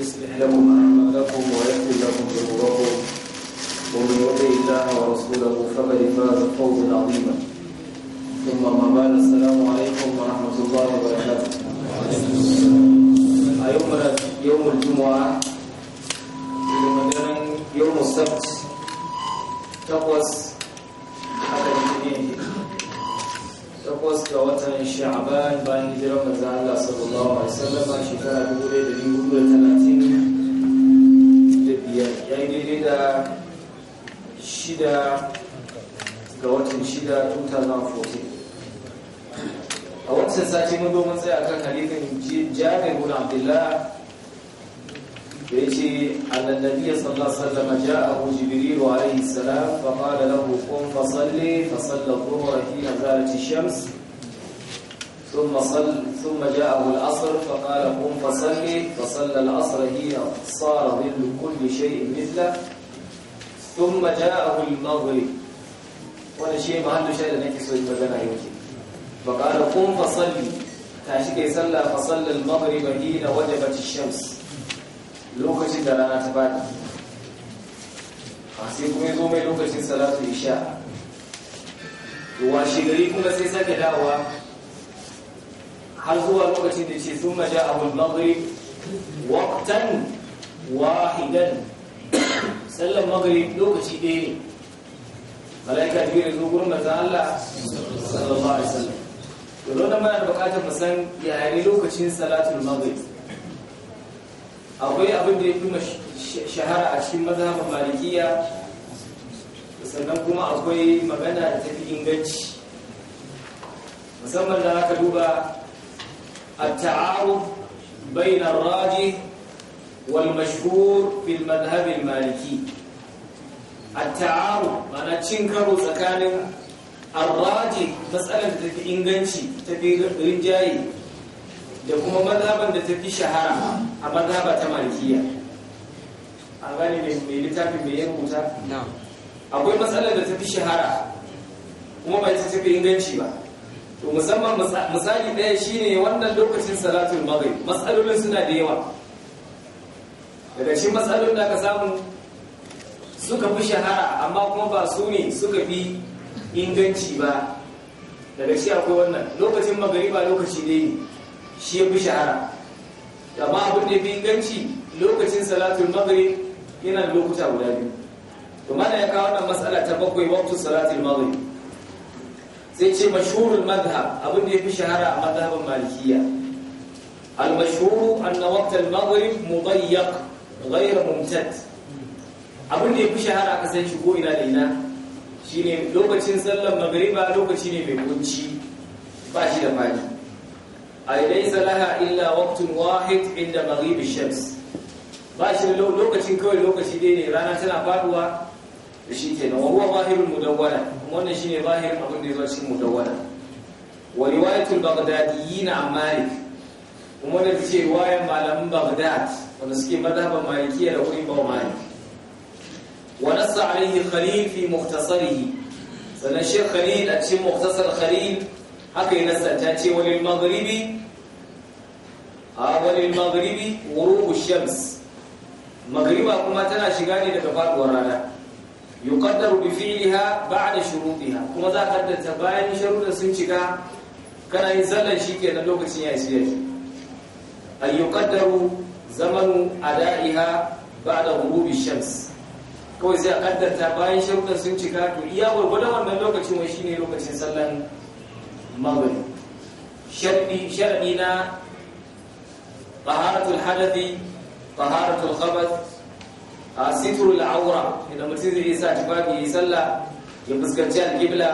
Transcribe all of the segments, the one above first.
يصلح لكم أعمالكم ويغفر لكم ذنوبكم ومن يطع الله ورسوله فقد فاز فوزا عظيما ثم ما بعد السلام عليكم ورحمة الله وبركاته أيوة، يوم يوم الجمعة يوم السبت تقوس حتى الاثنين takwas ga watan sha'aban bayan hijirar manzo Allah sallallahu alaihi wasallam shekara 1435 yayi daidai da shida ga watan shida 2014 a wancan satin mun zo tsaya kan hadisin Jabir ibn Abdullah da yace annan nabi sallallahu alaihi wasallam ja'ahu jibril alaihi salam fa qala lahu qum fa salli fa salla dhuhra fi nazalati shams thumma sall thumma ja'ahu al'asr fa qala qum fa salli fa salla al'asr hiya sara dhill kulli shay'in mithla thumma ja'ahu al-maghrib wala shay ma handu shay da nake so in magana yake fa qala salli tashi kai salla fa salla al-maghrib hiya wajabat ash-shams lokacin da rana ta bada sai kuma zo mai lokacin salatu isha washe shigari kuma sai sake dawowa har zuwa lokacin da ce sun maja abul maghrib waqtan wahidan sallan maghrib lokaci ɗaya ne malaika jibril zo gurin manzon Allah sallallahu alaihi wasallam to don nan muna da bukatar mu san yaya ne lokacin salatul maghrib akwai abin da ya fi shahara a cikin mazhabin malikiya sannan kuma akwai magana da ta fi inganci musamman da aka duba a ta'aru bainar raji wal mashhur fil mazhabin maliki a ta'aru cin karo tsakanin arraji matsalar da ta fi inganci ta fi rinjaye da kuma mazhaban da ta fi shahara a mazhaba ta malikiya an gani mai littafin mai yin kuta akwai matsalar da ta fi shahara kuma ba ta fi inganci ba to musamman misali ɗaya shine wannan lokacin salatul maghrib matsalolin suna da yawa daga cikin matsalolin da aka samu suka fi shahara amma kuma ba su ne suka fi inganci ba daga shi akwai wannan lokacin ba lokaci ne shi ya fi shahara amma abin da fi inganci lokacin salatul maghrib yana da lokuta guda biyu to mana ya kawo wannan matsala ta bakwai waqtu salatul maghrib sai ce mashhurul madhhab abin da yafi shahara a madhhabin malikiyya al mashhur anna waqtul maghrib mudayyaq ghayr mumtad abin da yafi shahara a kasan shi ko ina da ina shine lokacin sallar maghriba lokaci ne mai kunci ba shi da fadi ay laysa laha illa waqtun wahid inda maghib ash-shams ba shi lokacin kawai lokaci dai ne rana tana faduwa da shi kenan wa huwa zahirul mudawwala wannan shine zahirin abin da yazo cikin mudawwala wa riwayatul baghdadiyyin an malik kuma da ce riwayar malamin baghdad wanda suke madhaban malikiya da wurin bawa malik wa nassa alayhi khalil fi mukhtasarihi sanan shi khalil a cikin mukhtasar khalil haka ya nassa ta ce wal maghribi a wani wuro wuru shams maghriba kuma tana shiga ne daga faduwar rana yuqaddaru bi fi'liha ba'da shurutiha kuma za ka kaddata bayan sharuɗa sun cika kana yin sallan shikenan lokacin ya isa shi a yuqaddaru zamanu a ada'iha da ghurubi shams kawai sai a kaddata bayan sharuɗa sun cika to iya gwargwadon wannan lokacin wai ne lokacin sallan maghrib sharadi na taharatul hadathi taharatul khabath sitrul aura idan mutum zai sa tufafi ya sallah ya fuskanci alƙibla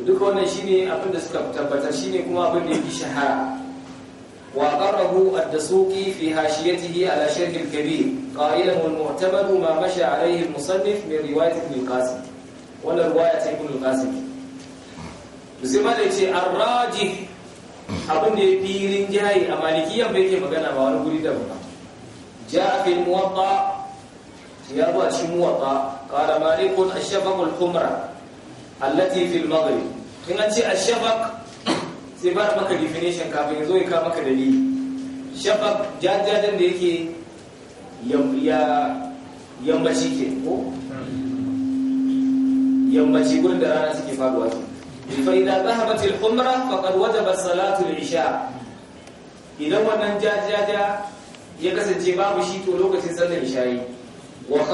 duka wannan shine abin da suka tabbatar shine kuma abin da yake shahara wa qarahu ad-dasuqi fi hashiyatihi ala sharh al-kabir qailan wal mu'tamad ma masha alayhi al-musannif min riwayat ibn qasim wala riwayat ibn qasim musamman yace ar-rajih abin da ya fi rinjaye a maliki bai ke magana ba wani guri da ba ja fi muwatta ya cikin muwatta qala malikun ash al-humra allati fi al-maghrib in an ce sai ba maka definition kafin ya zo ya dalili da yake yammaci ke ko hmm. yammaci da rana suke faduwa ke فإذا ذهبت الحمرة فقد وجبت صلاة العشاء إذا wannan jajaja ya kasance babu shi ko lokacin sallar isha'i wa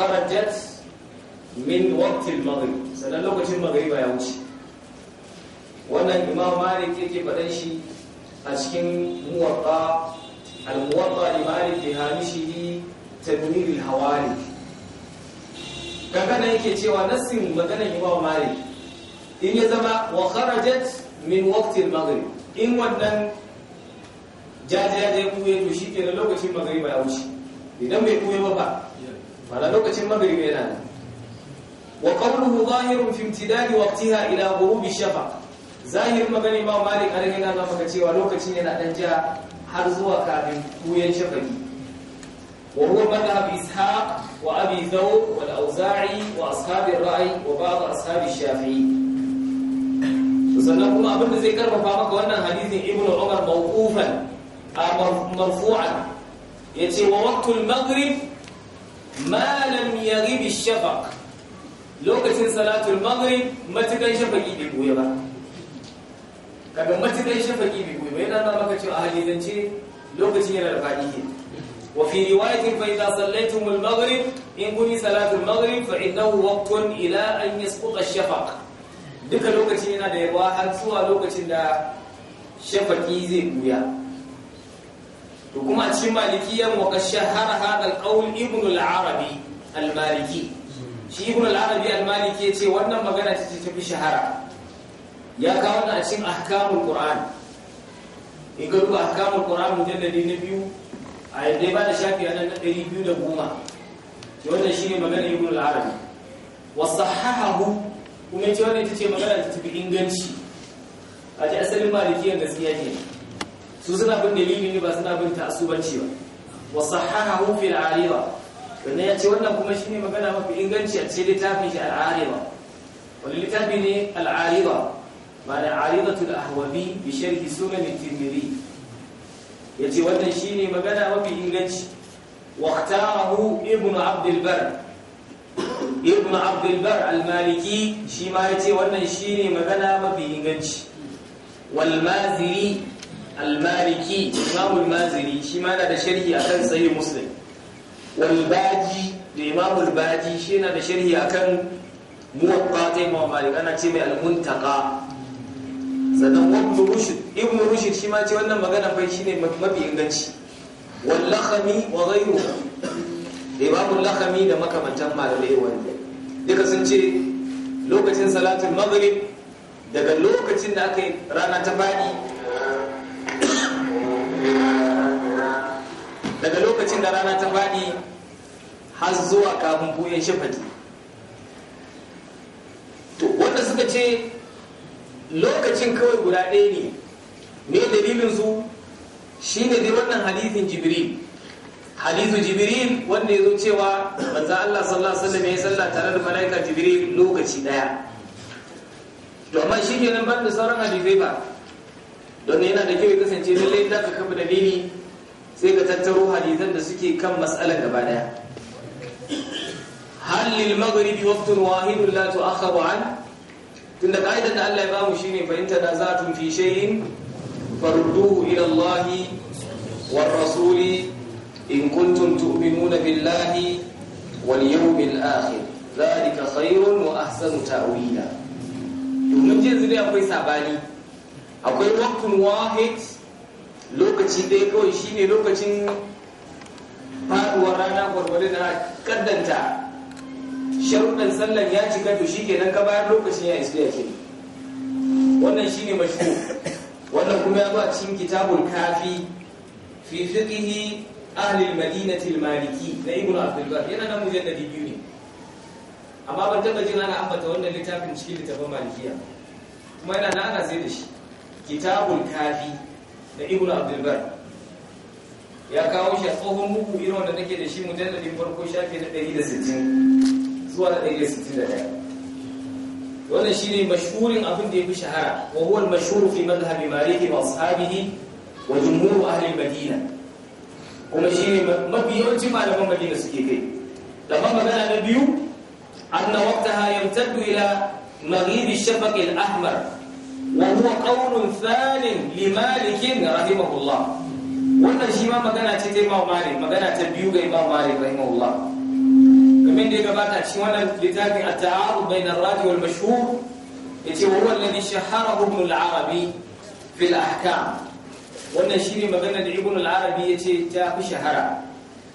min waqtil maghrib sannan lokacin maghriba ya wuce wannan imam malik yake faɗan shi a cikin muwatta al-muwatta malik bi hamishihi tadwir al-hawali kaga yake cewa nassin maganar imam malik in ya zama wa kharajat min waqtil maghrib in wannan jajaje kuye to shi shikenan lokacin maghrib ya wuce idan bai kuye ba ba fara lokacin maghrib yana nan wa qawluhu zahirun fi imtidadi waqtiha ila ghurubi shafaq zahirin magana ba Malik alaihi yana maka cewa lokacin yana dan ja har zuwa kafin kuyen shafaqi وهو مذهب إسحاق وأبي ثور والأوزاعي وأصحاب الرأي وبعض أصحاب الشافعي sannan kuma abin da zai karfafa maka wannan hadisin ibnu umar mawqufan marfu'an yace wa waqtul maghrib ma lam yaghib ash-shafaq lokacin salatul maghrib matukan shafaqi bai goye ba kaga matukan shafaqi bai goye ba yana nuna maka cewa hadisance lokacin yana da fadi ke wa fi riwayatin fa idza sallaytum al-maghrib in kuni salatul maghrib fa innahu waqtun ila an yasquta ash-shafaq duka lokaci yana da yawa har zuwa lokacin da shafaki zai buya to kuma a cikin malikiyan wa shahara hadal qaul ibn al-arabi al-maliki shi ibn al-arabi al-maliki ce wannan magana ce ta fi shahara ya kawo a cikin ahkamul qur'an in ka duba ahkamul qur'an mujalladi na biyu a yadda ba da shafi a nan na goma. to wannan shine magana ibn al-arabi wa sahahahu kuma ce wannan ita ce magana ta tafi inganci a ji asalin malikiyar gaskiya ne. su suna bin dalili ne ba suna bin ta'assubanci ba wa sahahahu fil ariwa wannan ya ce wannan kuma shine magana mafi inganci a ce littafin shi al-ariwa wani littafi ne al-ariwa ma'ana aridatul ahwabi bi sharhi sunan at-tirmidhi yace wannan shine magana mafi inganci واختاره ابن عبد البر ibn abdulbar al-maliki shi ma ya ce wannan shi ne magana mafi inganci walmaziri al-maliki imamul maziri shi ma na da sharhi a kan sahih muslim walbaji da imamul baji shi na da sharhi a kan muwatta ta imam malik ana ce mai almuntaka sannan ibn rushd ibn rushd shi ma ce wannan magana fa shi ne mafi inganci wallakhami wa ghayruhu da lakami da makamantan malamai wanda duka sun ce lokacin salatin maghrib daga lokacin da aka yi rana ta fadi, daga lokacin da rana ta fadi, har zuwa kafin buyan shafati to wanda suka ce lokacin kawai guda ɗaya ne me dalilin su shine dai wannan halifin jibril hadithu jibril wanda ya zo cewa manzan Allah sallallahu alaihi wasallam ya yi sallah tare da malaika jibril lokaci daya Domin shi ke nan ban da sauran hadithai ba don yana da kyau ya kasance lallai da ka kafa dalili sai ka tattaro hadithan da suke kan matsalar gaba daya hal lil maghribi waqtun wahidun la an tunda kaidan da Allah ya bamu shine fa za tanazatun fi shay'in farudduhu ila Allah war rasuli in kuntum tu'minuna billahi wal yawmil akhir zalika khairun wa ahsanu ta'wila domin yanzu dai akwai sabani akwai waqtun wahid lokaci dai kawai shine lokacin faduwar rana gwargwadon na kaddanta sharuɗan sallan ya cika to shi shikenan ka bayar lokacin ya isa ya ke wannan shine mashhur wannan kuma ya ba cikin kitabun kafi fi fiqhi ahlil madinati maliki na ibnu abdul yana nan mujalladi biyu ne amma ban taba jin ana ambata wannan littafin cikin littafin malikiya kuma yana nan ana sai da shi kitabul kafi na ibnu abdul ya kawo shi a tsohon muku irin wanda nake da shi mujalladin farko shafi na 160 zuwa na wannan shine mashhurin abin da ya fi shahara wa huwa al-mashhur fi madhhabi malik wa ashabihi wa jumhur ahli al-madina kuma shine mafi yawancin malaman Madina suke kai da ban magana na biyu anna waqtaha yamtaddu ila maghrib ash-shafaq al-ahmar wa huwa qawl thalin li Malik rahimahullah wannan shi ma magana ce ta Imam Malik magana ta biyu ga Imam Malik rahimahullah kamar da gabata shi wannan littafin at-ta'arud bayna ar-radi wal mashhur yace huwa alladhi shaharahu ibn al-arabi fi al-ahkam wannan shine magana da ibn al-arabi yace ta fi shahara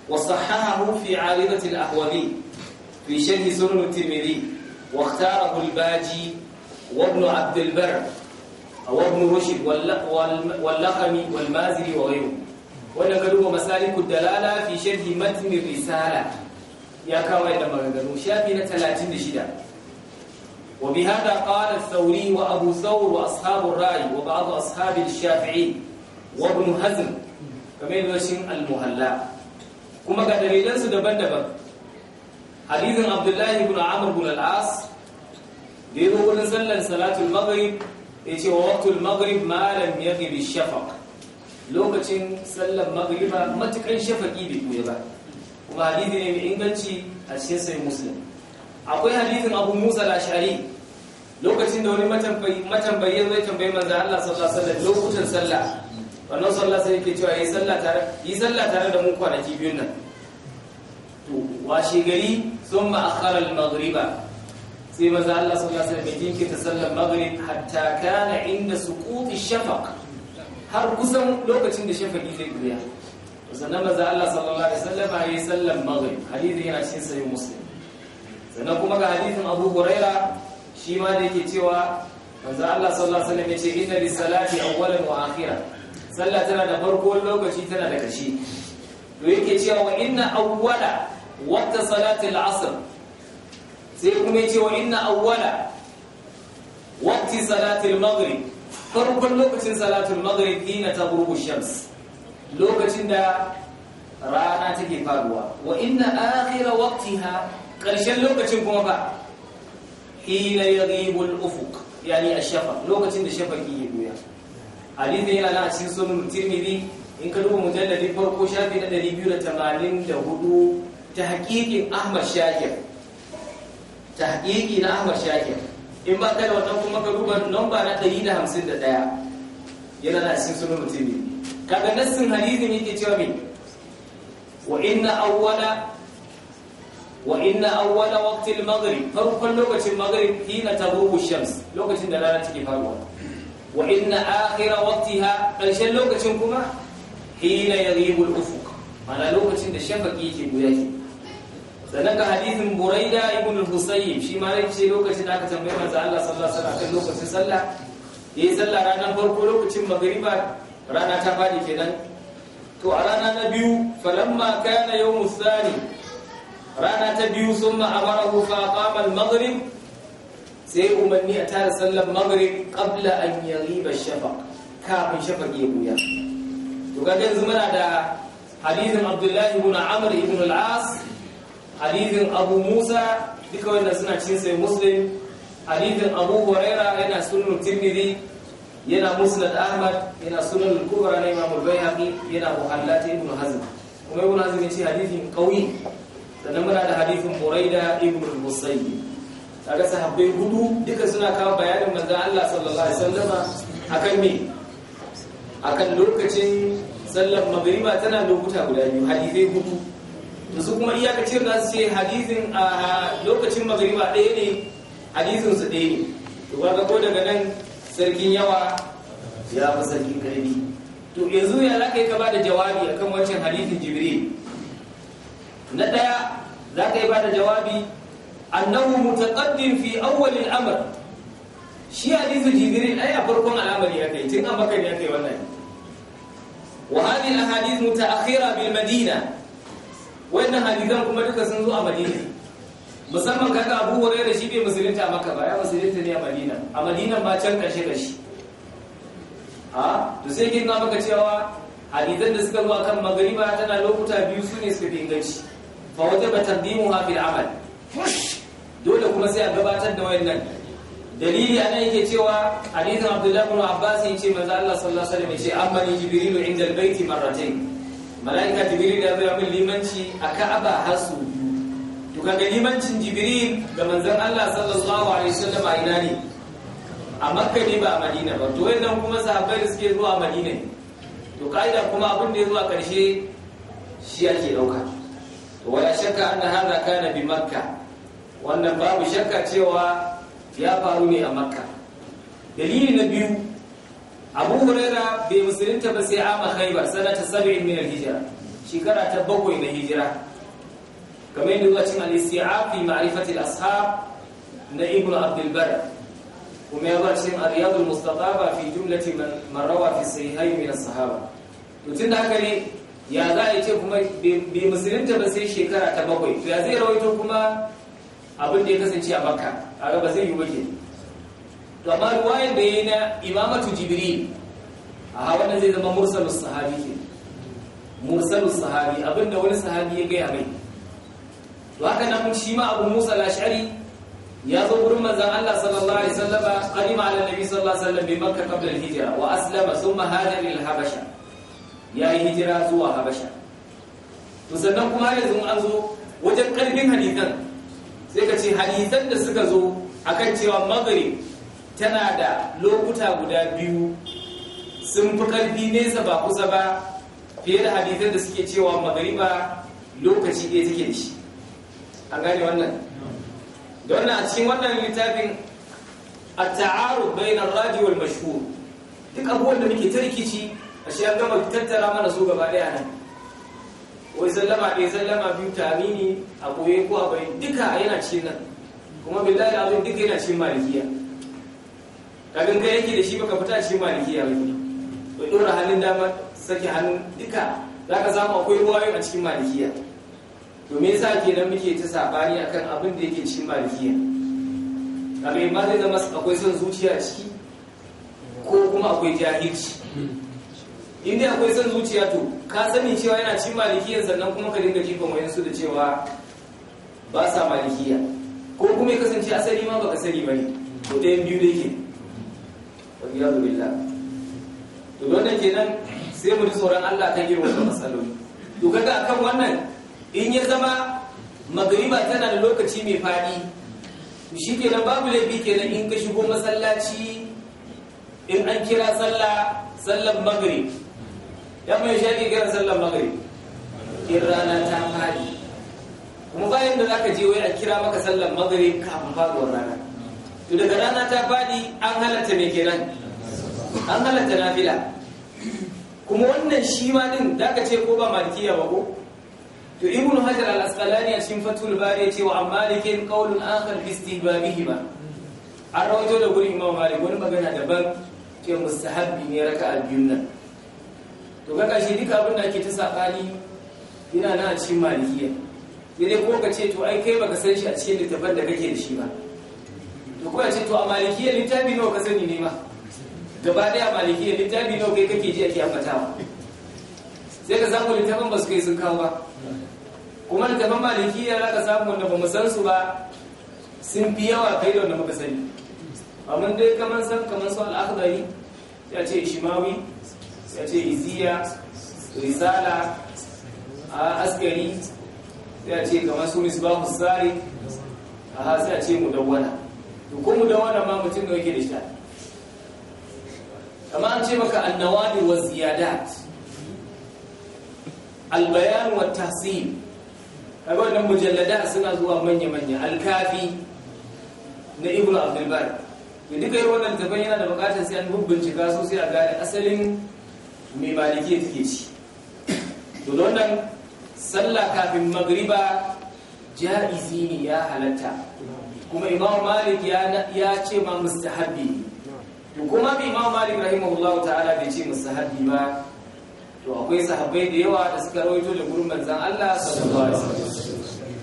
wa sahahahu fi aridati al-ahwali fi sharh sunan at-tirmidhi wa ikhtarahu al-baji wa ibn abd al-barr wa ibn rushd wal-laqami wal-maziri wa ghayruhu wannan ga duba masalikud dalala fi sharh matn risala ya kawo da maganganu shafi na 36 وبهذا قال الثوري وأبو wa ibn hazm kamar yadda shi al-muhalla kuma ga dalilan su daban-daban hadithin abdullahi ibn amr ibn al-as da yaro wurin sallan salatul maghrib ce wa waqtul maghrib ma lam yaghib ash-shafaq lokacin sallan maghriba matakan shafaqi bai buya ba kuma hadithi ne mai inganci a cikin sai muslim akwai hadithin abu musa al-ash'ari lokacin da wani matambayi matambayi zai tambayi manzo Allah sallallahu alaihi wasallam lokutan sallah wannan sallah sai yake cewa yi sallah tare yi sallah tare da mu kwanaki biyun nan to washe gari sun ba ma'akhara al-maghriba sai maza Allah sallallahu alaihi wasallam yake ta sallar maghrib hatta kana inda suquti shafaq har kusan lokacin da shafaqi zai guya sannan maza Allah sallallahu alaihi wasallam yayi sallar maghrib hadisi yana cikin sahih muslim sannan kuma ga hadisin Abu Huraira shi ma da yake cewa maza Allah sallallahu alaihi wasallam yace inna lis-salati awwalan wa akhirah sallah tana da farko lokaci tana da ƙarshe. to yake cewa wa inna awwala waqta salati al-asr sai kuma yace wa inna awwala waqti salati al-maghrib farkon lokacin salati al-maghrib ta tabruku shams lokacin da rana take faruwa wa inna akhira waqtiha ƙarshen lokacin kuma ba hina yaghibu al-ufuq yani ash-shafaq lokacin da shafaqi hadisi yana nan a cikin sunan tirmidhi in ka duba mujalladi farko shafi na 284 tahqiqin ahmad shakir tahqiqi na ahmad shakir in ba ka da wannan kuma ka duba namba na ɗaya, yana nan a cikin sunan tirmidhi kaga nassin hadisi ne yake cewa me wa inna awwala وإن أول وقت المغرب فرق لوكة المغرب حين تغرب الشمس لوكة دلالة faruwa. wa inna akhira waqtiha ƙarshen lokacin kuma hina yaghibul ufuq mana lokacin da shafaqi yake guya shi sannan ga hadisin buraida ibn al-husayyib shi ma yace lokacin da aka tambaye manzo Allah sallallahu alaihi wasallam lokacin sallah yi sallah ranar farko lokacin magriba rana ta fadi kenan to a rana na biyu falamma kana yawmus thani rana ta biyu sun summa amarahu fa qama al-maghrib sai umarni a tara sallar maghrib kabla an yaghiba shafaq kafin shafaq ya buya to kaga yanzu muna da hadithin Abdullahi ibn Amr ibn al-As hadithin Abu Musa duka wannan suna cikin sai Muslim hadithin Abu Huraira yana sunan Tirmidhi yana Musnad Ahmad yana sunan al-Kubra na Imam al-Baihaqi yana Muhallat ibn Hazm kuma ibn Hazm ya ce hadithin qawi sannan muna da hadithin Buraida ibn al-Musayyib kaga sahabbai hudu duka suna kawo bayanin manzon Allah sallallahu alaihi wasallama akan me akan lokacin sallar magriba tana lokuta guda biyu hadisi hudu yanzu su kuma iyakacin za su ce hadisin a lokacin magriba ɗaya ne hadisin su ɗaya ne to ga ko daga nan sarkin yawa ya fi sarkin karfi to yanzu ya za ka yi ka ba da jawabi akan wancan hadisin jibril na ɗaya za ka yi ba da jawabi annahu mutaqaddim fi awwal al-amr shi hadithul jibril ai a farkon al'amari akai tun an baka ne akai wannan wa hadhihi al-ahadith mutaakhira bil madina wannan hadisan kuma duka sun zo a madina musamman kaga Abu Hurairah shi bai musulunta maka ba ya musulunta ne a Madina a Madina ba can kashe kashi Ha? to sai kin ga maka cewa hadisan da suka zo akan magriba tana lokuta biyu sune suka fi inganci fa wajaba taqdimuha fil amal dole kuma sai a gabatar da wayannan dalili ana yake cewa hadithin abdullahi ibn abbas yace manzo Allah sallallahu alaihi wasallam yace amman jibril inda albayt marratayn malaika jibril ya zo limanci a ka'aba su to kaga limancin jibril ga manzon Allah sallallahu alaihi wasallam a ina ne a makka ne ba a madina ba to wayannan kuma sahabbai suke zuwa madina to kaida kuma abin da ya zuwa karshe shi yake dauka to wala shakka anna hadha kana bi makkah wannan babu shakka cewa ya faru ne a makka dalili na biyu abu huraira bai musulunta ba sai ama khaibar sanata sab'in min al-hijra shekara ta bakwai na hijira kamar yadda lokacin al-isti'ab fi ma'rifati al-ashab na ibnu abdul bar kuma ya bar cin al-riyad al-mustataba fi jumlati man rawa fi sahihayn min as-sahaba to tunda haka ne ya za a ce kuma bai musulunta ba sai shekara ta bakwai to ya zai rawaito kuma abin da ya kasance a makka kaga ba zai yi ba ke to amma ruwayan da yayi na imamatu jibril a wannan zai zama mursalus sahabi ke mursalus sahabi abin da wani sahabi ya gaya mai to haka nan shi ma abu musa Lashari. ya zo gurin manzon Allah sallallahu alaihi wasallama qadima ala nabi sallallahu alaihi wasallam bi makka qabla al wa aslama sun hada lil habasha Ya yi hijira zuwa habasha to sannan kuma yanzu an zo wajen karfin hadisan sai ka ce hadisan da suka zo a kan cewa magari tana da lokuta guda biyu sun fi karfi nesa ba kusa ba fiye da hadisan da suke cewa ba lokaci ɗaya take da shi A gane wannan da wannan a cikin wannan littafin a ta'aru bai na wal mashu duk abubuwan da muke ta rikici a shi an gama tattara mana su gaba ɗaya nan wai zallama ɗaya zallama biyu tamini a ɓoye ko a bayi duka yana ce nan kuma billahi abin duka yana ce malikiya kagin kai yake da shi baka fita ce malikiya ba bai ɗora hannun dama sake hannun duka za ka samu akwai ruwayo a cikin malikiya to me yasa nan muke ta sabani kan abin da yake cikin malikiya kagin ma zai zama akwai son zuciya ciki ko kuma akwai jahilci in dai akwai son zuciya to ka sani cewa yana cin malikiya sannan kuma ka dinga wayan su da cewa ba sa malikiya ko kuma ya kasance asali ma baka sani bane to ɗayan biyu da yake waliyazu billah to don nan kenan sai mu ji tsoron Allah ta girma da matsaloli to kaga akan wannan in ya zama magariba tana da lokaci mai fadi shi kenan babu laifi kenan in ka shigo masallaci in an kira sallah sallan magrib ya mai shaƙi kiran sallar magari in rana ta fari kuma bayan da zaka je wai a kira maka sallar magari kafin faruwar rana to daga rana ta fari an halatta me kenan an halatta nafila kuma wannan shi ma din zaka ce ko ba malikiya ba ko to ibn hajar al-asqalani a cikin fatul bari yace wa amalikin qawlun akhar bi istihbabihima an rawaito da gurin imam malik wani magana daban ce mustahabbi ne raka'a biyun nan to ga kashi duka abin da ake ta saɓani yana na a cikin malikiya dai ko ka ce to ai kai baka san shi a cikin littafin da kake da shi ba to ko ce to a malikiya littafi nawa ka sani ne ma gaba ɗaya malikiya littafi nawa kai kake ji ake ambatawa sai ka samu littafin ba su kai sun kawo ba kuma littafin malikiya za ka samu wanda ba mu san su ba sun fi yawa kai da wanda muka sani amma dai kamar san kamar su al'akhdari ya ce ishimawi ya ce isiya risala a askari sai a ce kamar su misbahu sari a hasi a ce mudawana to ko mudawwana ma mutum da yake da shi amma an ce maka annawadi wa ziyadat albayan wa tahsil kaga wannan mujallada suna zuwa manya manya alkafi na ibnu abdul bar duka yi wannan tafai yana da bukatar sai an bincika su sai a gane asalin me malikiya take ci to don nan sallah kafin magriba ja'izi ne ya halatta kuma imam malik ya ce ma mustahabbi to kuma bi imam malik rahimahullahu ta'ala bai ce mustahabbi ba to akwai sahabbai da yawa da suka rawaito da gurin manzon Allah sallallahu alaihi wasallam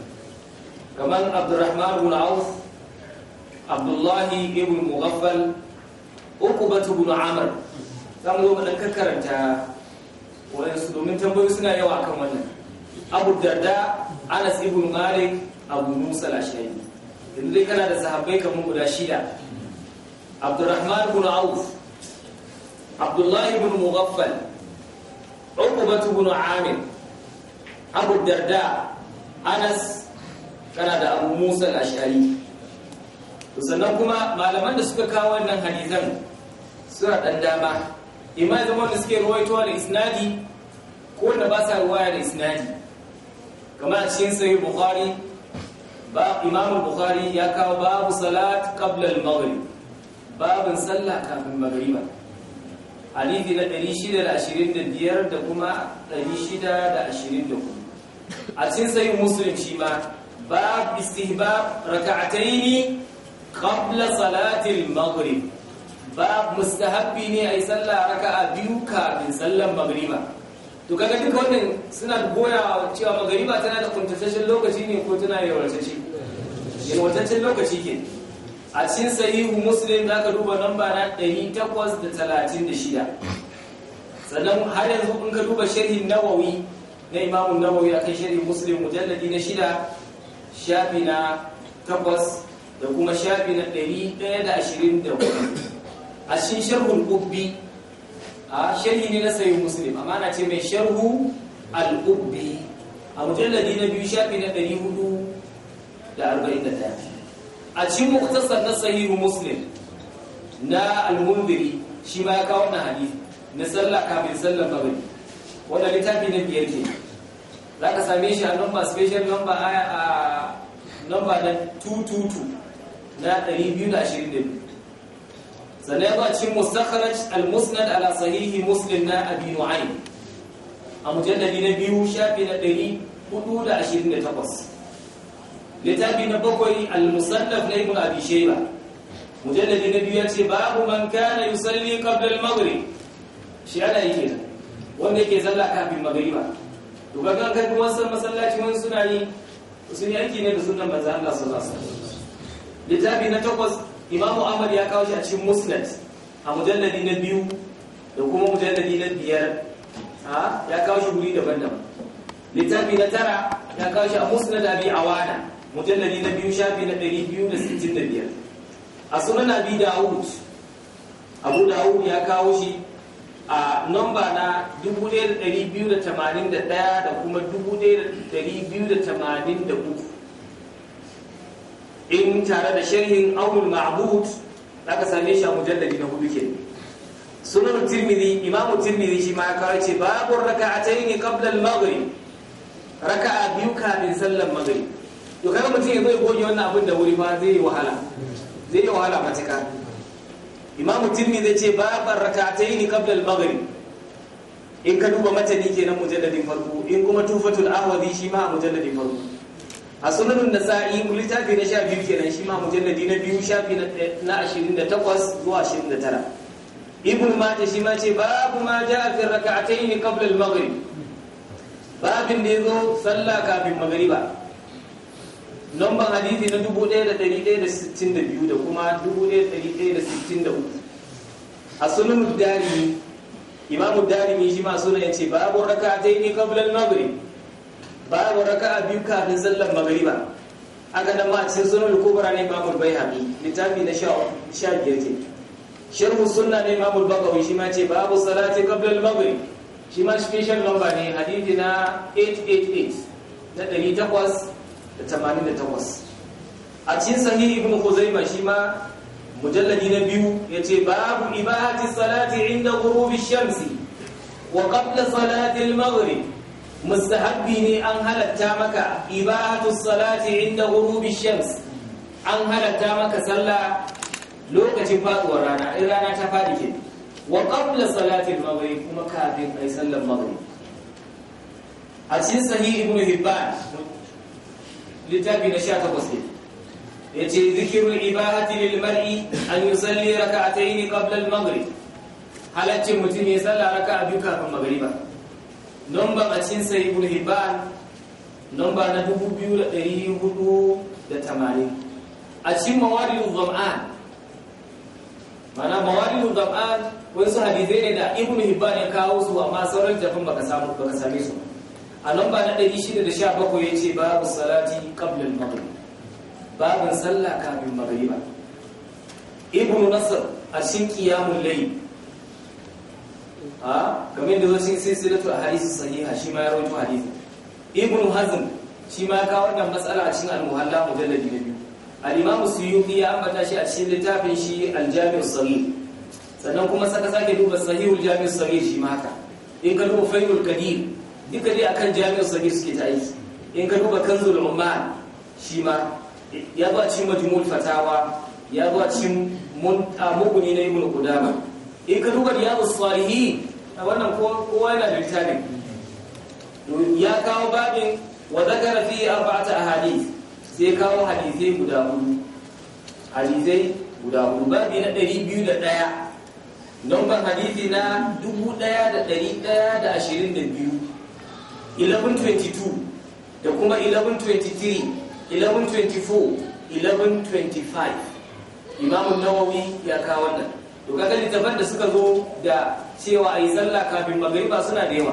kamar Abdurrahman ibn Auf Abdullah ibn Mughaffal Uqbah ibn Amr za mu zo mu ɗan karkaranta waɗansu domin tambayoyi suna yawa akan wannan abu darda anas ibn malik abu musa lashari yanzu dai kana da sahabbai kamar guda shida abdurrahman ibn auf abdullahi ibn mughaffal uqbat ibn amir abu darda anas kana da abu musa lashari sannan kuma malaman da suka kawo wannan hadisan suna ɗan dama imma ya zama wanda suke ruwaitowa da isnadi ko wanda ba sa ruwaya da isnadi kamar a cikin sahih bukhari ba imam bukhari ya kawo babu salat qabla al-maghrib babin sallah kafin maghriba hadithi na 625 da kuma 624 a cikin sahih muslim shi ma bab istihbab rak'ataini qabla salati al-maghrib ba mustahabbi ne a yi sallah a biyu kafin sallan magariba to kaga duk wannan suna goya cewa magariba tana da kuntataccen lokaci ne ko tana yawartacce yawartaccen lokaci ke a cikin sahihu muslim za ka duba talatin na shida. sannan har yanzu in ka duba sharhin nawawi na imamun nawawi akan sharhin muslim mujalladi na shida shafi na takwas da kuma shafi na 124 a cikin sharhul qubbi a sharhi ne na sayyid muslim amma ana ce mai sharhu al qubbi a mujalladi na biyu shafi na 441 a cikin muktasar na sahih muslim na al-munziri shi ma ya kawo na hadisi na sallah kafin sallar maghrib wannan littafi na biyar ne za ka same shi a number special number a number na 222 na 222 sannan ya ba cikin mustakharaj al-musnad ala sahihi muslim na abi nu'aym a mujalladi na biyu shafi na 428 littafi na bakwai al-musannaf na ibn abi shayba mujalladi na biyu ya ce babu man kana yusalli qabla al-maghrib shi ana yake wanda yake zalla kafin magriba to kaga kai kuma masallaci wani suna yi sun yanki ne da sunan manzo Allah sallallahu alaihi wasallam littafi na takwas imamu ahmad ya kawo shi a cikin musnad a mujalladi na biyu da kuma mujalladi na biyar ya kawo shi wuri daban-daban littafi na tara ya kawo shi a musnad abi awana mujalladi na biyu shafi na ɗari biyu da sittin da biyar a sunan abi dawud abu Da'ud ya kawo shi a nomba na 1281 da kuma 1283 in tare da sharhin aunul ma'bud zaka same shi a mujalladi na hudu ke sunan tirmidhi imamu tirmidhi shi ma ya kawo ce babu raka'atayn qabla al-maghrib raka'a biyu kafin sallar maghrib to kai mutum ya zo ya goge wannan abin da wuri ma zai yi wahala zai yi wahala matuka imamu tirmidhi ce babu raka'atayn qabla al-maghrib in ka duba matani kenan mujalladin farko in kuma tufatul ahwazi shi ma a mujalladin farko a sunanin da sa'i littafi na sha biyu kenan shi ma mujalladi na biyu shafi na ashirin da takwas zuwa ashirin da tara ibn mata shi ma ce babu ma ja a fin yi ne kabla magari babin da ya zo sallah kafin ba. nomban hadithi na dubu ɗaya da ɗari ɗaya da sittin da biyu da kuma dubu ɗaya da ɗari ɗaya da sittin da uku a sunanin darimi imamu darimi shi ma suna ya ce babu yi ne kabla magari babu raka'a biyu kafin sallar magariba aka nan ma a cikin sunan kubra ne bai baihaqi littafi na sha 15 ce sharh sunna ne imamul bagawi shi ma ce babu salati qabla al-maghrib shi ma special number ne hadisi na 888 na 888 a cikin sahih ibn khuzaimah shi ma mujalladi na biyu yace babu ibahati salati inda ghurubi shamsi wa qabla salati al-maghrib mustahabbi ne an halatta maka ibadatu salati inda ghurubi shams an halatta maka sallah lokacin faduwar rana in rana ta fadi ke wa qabla salati al-maghrib kuma kafin ai sallar maghrib a cikin sahih ibn hibban littafi na 18 yace zikrul ibadati lil mar'i an yusalli rak'atayn qabla al-maghrib halaccin mutum ya salla raka'a duka kafin maghriba nomban a cikin sai ibn hibban nomba na 2480 a cikin mawaridul zam'an mana Mawadin zam'an wasu hadithai ne da ibn hibban ya kawo su amma sauran jafin baka samu baka same su a nomba na ya ce babu salati kablin al-maghrib babin sallah kafin maghriba ibn nasr a cikin qiyamul layl a kamar da zo cikin silsilatu ahadisi sahiha shi ma ya rawaito hadisi ibn hazm shi ma ya kawo wannan matsala a cikin al-muhalla mujalladi na biyu al-imam suyuti ya ambata shi a cikin littafin shi al-jami' sahih sannan kuma saka sake duba sahihul jami' sahih shi ma haka in ka duba fayyul kadir duka dai akan jami'ar sahih suke ta aiki in ka duba kanzul umman shi ma ya zo cikin majmu'ul fatawa ya cikin mun ta mughni na ibn qudamah in ka duba ya salihi a wannan kowa yana da littafi ya kawo babin wa zakara fi arba'ata ahadith sai kawo hadisai guda hudu hadisai guda hudu babi na 201 lambar hadithi na 1122 1122 da kuma 1123 1124 1125 imamun nawawi ya kawo wannan to ka kaga littafan da suka zo da cewa a yi sallah kafin magariba suna da yawa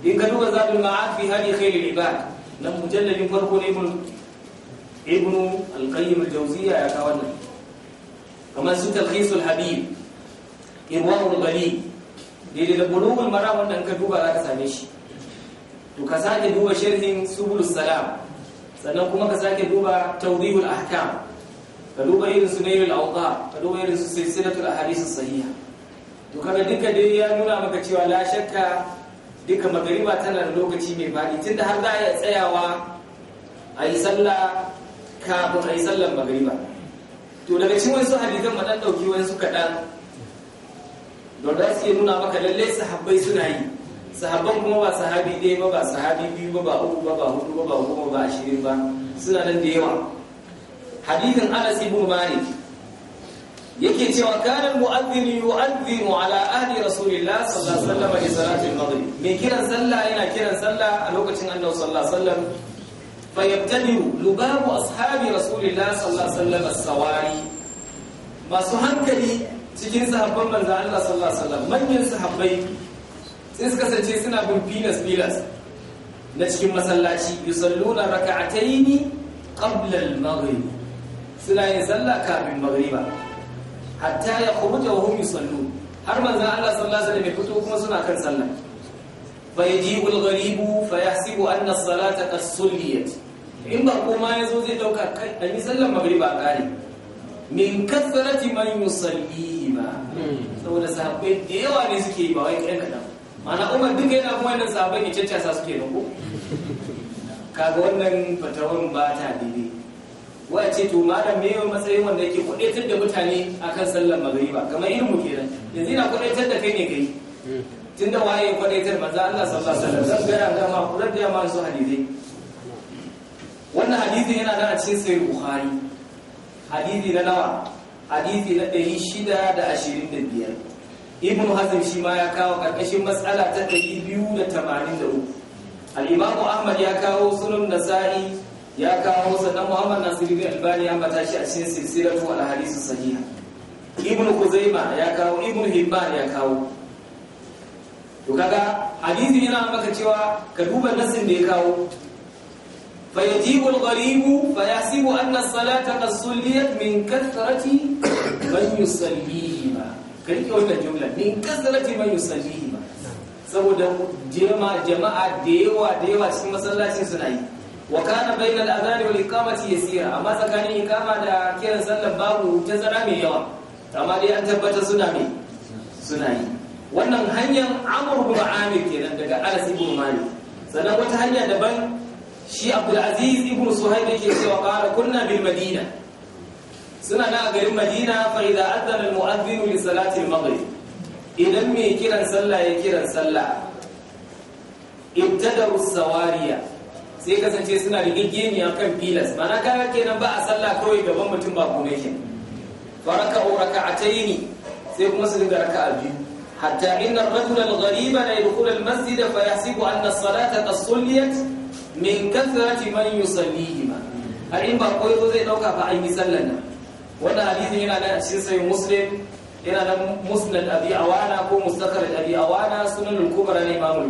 in ka duba zadul ma'ad fi hadi khairil ibad nan mujalladin farko ne mun. ibn al-qayyim al-jawziyya ya kawo wannan kamar su talkhisul habib irwaul ghalib daidai da bulugul mara wanda in ka duba za ka same shi to ka sake duba sharhin subulus salam sannan kuma ka sake duba tawdihul ahkam ka duba irin su nailul auka, ka duba irin su silsilatul hadisi sahiha to kaga duka dai ya nuna maka cewa la shakka duka magariba tana da lokaci mai faɗi tunda har za a iya tsayawa a yi sallah kafin a yi sallan magariba to daga cikin wasu hadisan ma dan dauki wasu kaɗan don da su nuna maka lalle sahabbai suna yi sahabban kuma ba sahabi ɗaya ba ba sahabi biyu ba ba uku ba ba hudu ba ba goma ba ashirin ba suna nan da yawa hadithin Anas ibn Malik yake cewa kana mu'adhdhin yu'adhdhinu ala ahli rasulillah sallallahu alaihi wasallam li salati al-maghrib me kiran sallah yana kiran sallah a lokacin annabi sallallahu alaihi wasallam fayabtadiru lubabu ashabi rasulillah sallallahu alaihi wasallam as-sawari masu hankali cikin sahabban manzo Allah sallallahu alaihi wasallam manyan sahabbai sai suka sace suna bin filas filas na cikin masallaci yusalluna raka'ataini qabla al-maghrib suna yin sallah kafin magriba hatta ya ta wa hum yusallun har manzon Allah sallah alaihi mai fito kuma suna kan sallah Bai ji al-gharibu fa yahsibu anna as-salata ta sulliyat in ba kuma zo zai dauka kai an yi sallar magriba kare min kasrati man yusalli ba saboda sahabbai da yawa ne suke yi ba wai kai kadan mana umar duka yana kuma yana sahabbai ya caccasa suke nan ko kaga wannan fatawar ba ta daidai wa ce to malam me yau matsayin wanda yake kudaitar da mutane akan sallar magariba kamar yin mu kenan yanzu yana kudaitar da kai ne kai tun da waye kudaitar manzo Allah sallallahu alaihi wasallam zan gaya ga ma kurar da ma su hadisi wannan hadisi yana da a cikin sahih bukhari hadisi na nawa hadisi na 625 ibn hazm shi ma ya kawo karkashin matsala ta 283 al imam ahmad ya kawo sunan nasa'i ya kawo sannan Muhammad Nasiru bin Albani ya ambata shi a cikin silsilatu al hadith sahiha Ibn Kuzaima ya kawo Ibn Hibban ya kawo to kaga hadisi yana maka cewa ka duba nasin da ya kawo fa yajibu al-gharib fa yahsibu anna as-salata qad sulliyat min kathrati man yusalliha kai ki wannan jumla min kathrati man yusalliha saboda jama'a da yawa da yawa cikin masallacin suna yi bai na bainal wani wal ya siya, amma tsakanin ikama da kiran sallar babu tazara mai yawa amma dai an tabbata suna suna yi wannan hanyar amur bin amir kenan daga alas ibn mali. sannan wata hanya daban shi abdul aziz ibn suhaib yake cewa qala kunna bil madina suna na garin madina fa idza adana al mu'adhdhin li salati al maghrib idan mai kiran sallah ya kiran sallah ibtadaru sawariya sai kasance suna da gaggeniya kan filas mana kaya kenan ba a sallah kawai gaban mutum ba kuma yake faraka raka'ataini sai kuma su dinga raka'a biyu hatta inna ar-rajula al-ghariba la yadkhulu al-masjid fa yahsibu anna as-salata qad sulliyat min kathrati man yusallihima har in ba koyo zai dauka fa an yi sallar nan wannan hadisin yana da cikin sahih muslim yana da musnad abi awana ko mustakhraj abi awana sunan al-kubra na imam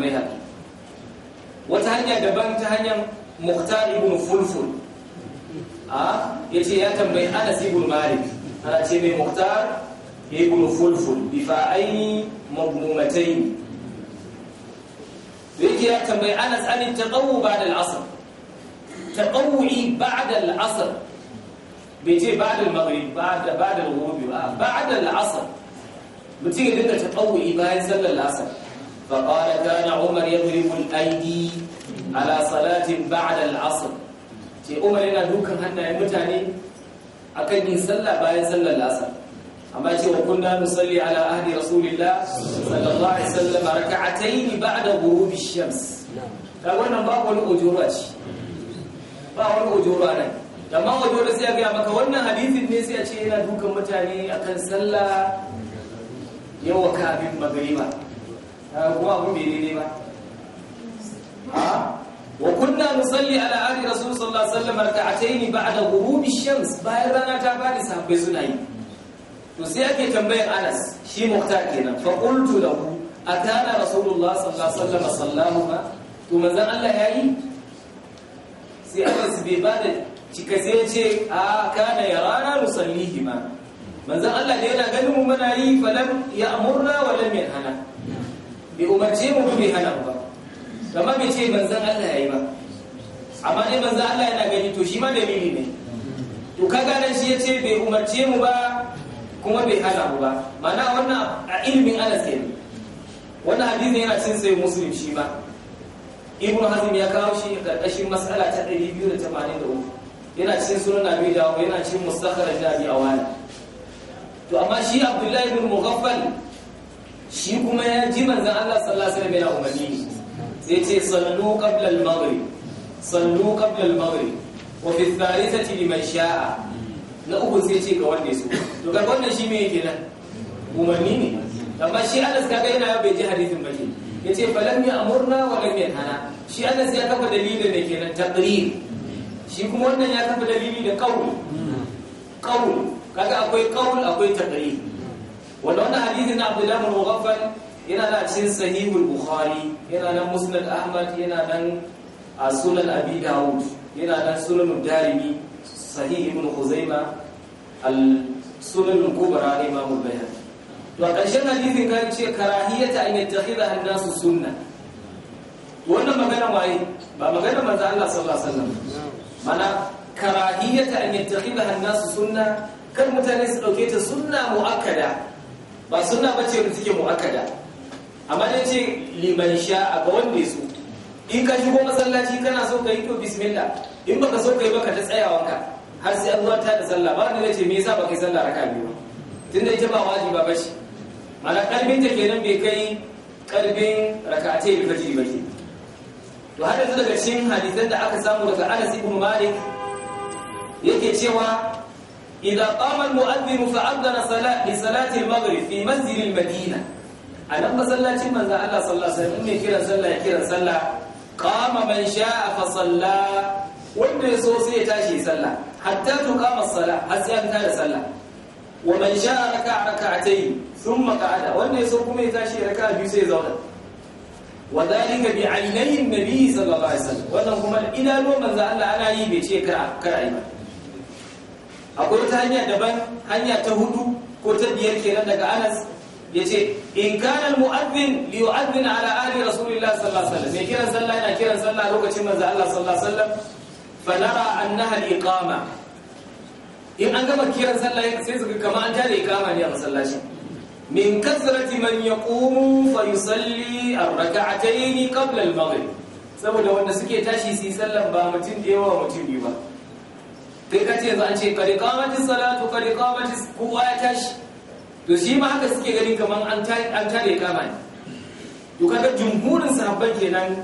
wata hanya daban ta hanyar muhtar ibn fulful ah, ya ce ya tambayi anas ibn malik ana ce mai muhtar ibn fulful bi fa'aini madmumatayn yake ya tambayi anas an taqawwu ba'da al-asr taqawwi ba'da al-asr bai ce ba'da al-maghrib ba'da ba'da al-ghurub ba'da al-asr mutum ya dinga taqawwi bayan sallar asr فقال كان عمر يضرب الايدي على صلاه بعد العصر ce umar yana dukan hannaye mutane akan yin sallah bayan sallar asar amma ce wa kunna nusalli ala ahdi rasulillah sallallahu alaihi wasallam rak'atayn ba'da ghurubi shams ka wannan ba wani ujura ce ba wani ujura ne amma ujura sai ga maka wannan hadisin ne sai a ce yana dukan mutane akan sallah yau ka kafin magriba kuma abun bai daidai ba wa kunna nusalli ala ali rasul sallallahu alaihi wasallam rak'atayn ba'da ghurubi shams bayan rana ta bada sahabbai suna yi to sai ake tambayar Anas shi muhtar kenan fa qultu lahu atana rasulullah sallallahu alaihi wasallam sallama to manzon Allah yayi sai Anas bai bada cika sai ce a kana Allah da yana ganin mu muna yi falam ya'murna wa lam yanhana bai umarce mu bai hana mu ba kamar bai ce manzan Allah ya yi ba amma dai manzan Allah yana gani to shi ma dalili ne to kaga nan shi ya ce bai umarce mu ba kuma bai hana mu ba mana wannan a ilimin Anas kenan wannan hadisi yana cin sai musulmi shi ba ibnu hazm ya kawo shi karkashin mas'ala ta 283 yana cin sunan nabi da yana cin da abi awani to amma shi abdullahi ibn mughaffal shi kuma ya ji manzan Allah sallallahu alaihi wasallam yana umarni sai ce sallu qabla al-maghrib sallu qabla al-maghrib wa fi thalithati liman sha'a na uku sai ce ga wanda su to ga wannan shi me yake nan umarni ne amma shi Allah kaga yana bai ji hadisin ba ya ce falam ya amurna wa lam yanhana shi Allah ya kafa dalilin da kenan taqrir shi kuma wannan ya kafa dalili da qaul qaul kaga akwai qaul akwai taqrir wanda wannan hadisin na Abdullah bin Mughaffal yana da cikin sahihul Bukhari yana nan Musnad Ahmad yana nan Sunan Abi Dawud yana nan Sunan Darimi sahih Ibn Khuzaima al-Sunan al-Kubra Imam al-Bayhaqi to a ƙarshen hadisin kan ce karahiyata an yattakhidha an-nasu sunna wannan magana waye ba magana manzo Allah sallallahu alaihi wasallam mana karahiyata an yattakhidha an-nasu sunna kan mutane su dauke ta sunna muakkada ba suna bace mu suke mu'akkada amma dai ce liman sha ga wanda ya in ka shigo masallaci kana so ka yi to bismillah in baka so ka yi baka ta tsayawanka har sai an ta da sallah ba wanda ce me yasa baka yi sallah raka biyu tunda ita ba wajiba ba ce mana kalbin ta kenan bai kai kalbin raka'atai da fajiri ba ke to har yanzu daga cikin hadisan da aka samu daga Anas ibn Malik yake cewa إذا قام المؤذن فأذن صلاة لصلاة المغرب في مسجد المدينة أنا مسلاة من الله صلى الله عليه وسلم إني صلى كيرا صلى قام من شاء فصلى wanda ya so sai ya tashi sallah hatta tuqama as-salah har sai an tada sallah wa man sha'a raka'a raka'atayn thumma qa'ada wanda ya so kuma ya tashi raka'a biyu sai ya zauna wa dalika bi aynayn nabi sallallahu wannan kuma Allah ana yi bai ce kar ba akwai ta hanya daban hanya ta hudu ko ta biyar kenan daga Anas Ya ce, in kana mu'adhdhin li yu'adhdhin ala ali rasulillah sallallahu alaihi wasallam me kiran sallah yana kiran sallah lokacin manzo Allah sallallahu alaihi wasallam fa nara annaha al-iqama in an gama kiran sallah sai su kama an tare iqama ne a masallaci min kasrati man yaqumu fa yusalli ar-rak'atayn qabla al-maghrib saboda wanda suke tashi su yi sallan ba mutum da yawa mutum ba sai ka ce yanzu an ce kare kamatin salatu kare kamatin kowa ya tashi to shi ma haka suke gani kamar an tare kama ne to kaga jumhurin sahabban kenan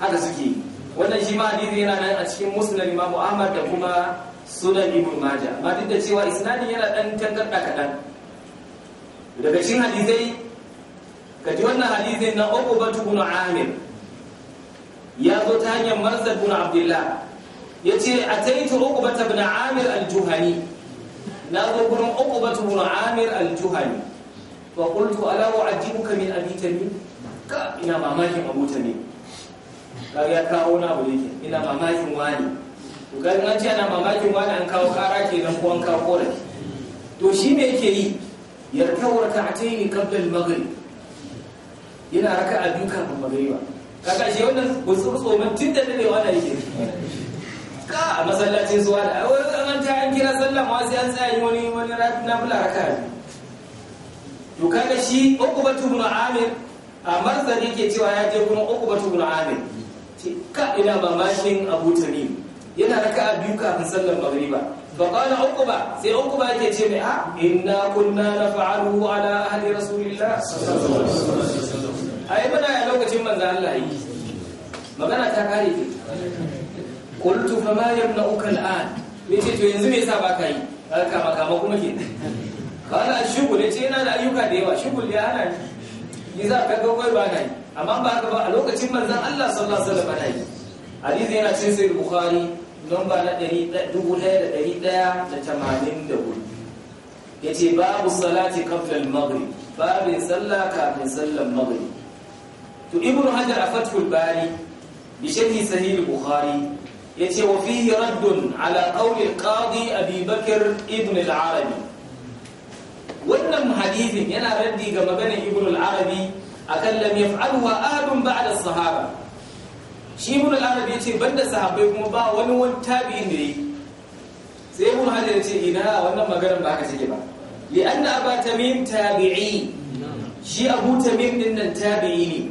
haka suke wannan shi ma hadisi yana nan a cikin musulmi ma mu'amar da kuma sunan ibn majah ma duk da cewa isnadin yana dan tangarda kadan daga cikin hadisai ka ji wannan hadisin na uku batu ibn amir ya zo ta hanyar marzad ibn abdullah yace ataitu uqbata ibn amir al-juhani na zo gurin uqbata ibn amir al-juhani fa qultu ala u'ajibuka min abi tamim ka ina mamakin abu tamim ya kawo na abu yake ina mamakin wani to ga an ce ana mamakin wani an kawo kara kenan ko an kawo to shi me yake yi yarkawar raka'atayn qabla al-maghrib yana raka'a biyu kafin maghriba kaga shi wannan gutsu tsoman tun da dare wani yake ka a masallaci zuwa da awar zamanta an kira sallan sai an tsaya wani wani rafi na fula raka ne to kaga shi uku batu bin amir a marzan ke cewa ya je kuma uku batu bin amir ce ka ina ba mashin abu ne yana raka a biyu kafin sallar magriba ba kwana uku ba sai uku ba ke ce mai a ah, inna kunna na fa'aru ala ahli rasulillah a yi a lokacin manzan Allah yi magana ta kare ke qultu fa ma yamna'uka al'an nace to yanzu me yasa baka yi ka makama kuma ke kana shugul ce yana da ayyuka da yawa shugul ya hana ni yi za ka ga kai ba na yi amma ba ka ba a lokacin manzon Allah sallallahu alaihi wasallam yi hadisi yana cikin sahih bukhari lamba na 1184 yace babu salati qabla al-maghrib babin sallah kafin sallar maghrib to ibnu hajar a fathul bari bi sharhi sahih bukhari yace wa fihi raddun ala qawli qadi abi bakr ibn al-arabi wannan hadithin yana raddi ga maganar ibn al-arabi akan lam yaf'alhu ahadun ba'da as-sahaba shi ibn al-arabi yace banda sahabbai kuma ba wani wani tabi'in da yi sai ibn hajar yace ina wannan maganar ba haka take ba لأن tabi'i shi تابعي شي أبو تميم إن التابعي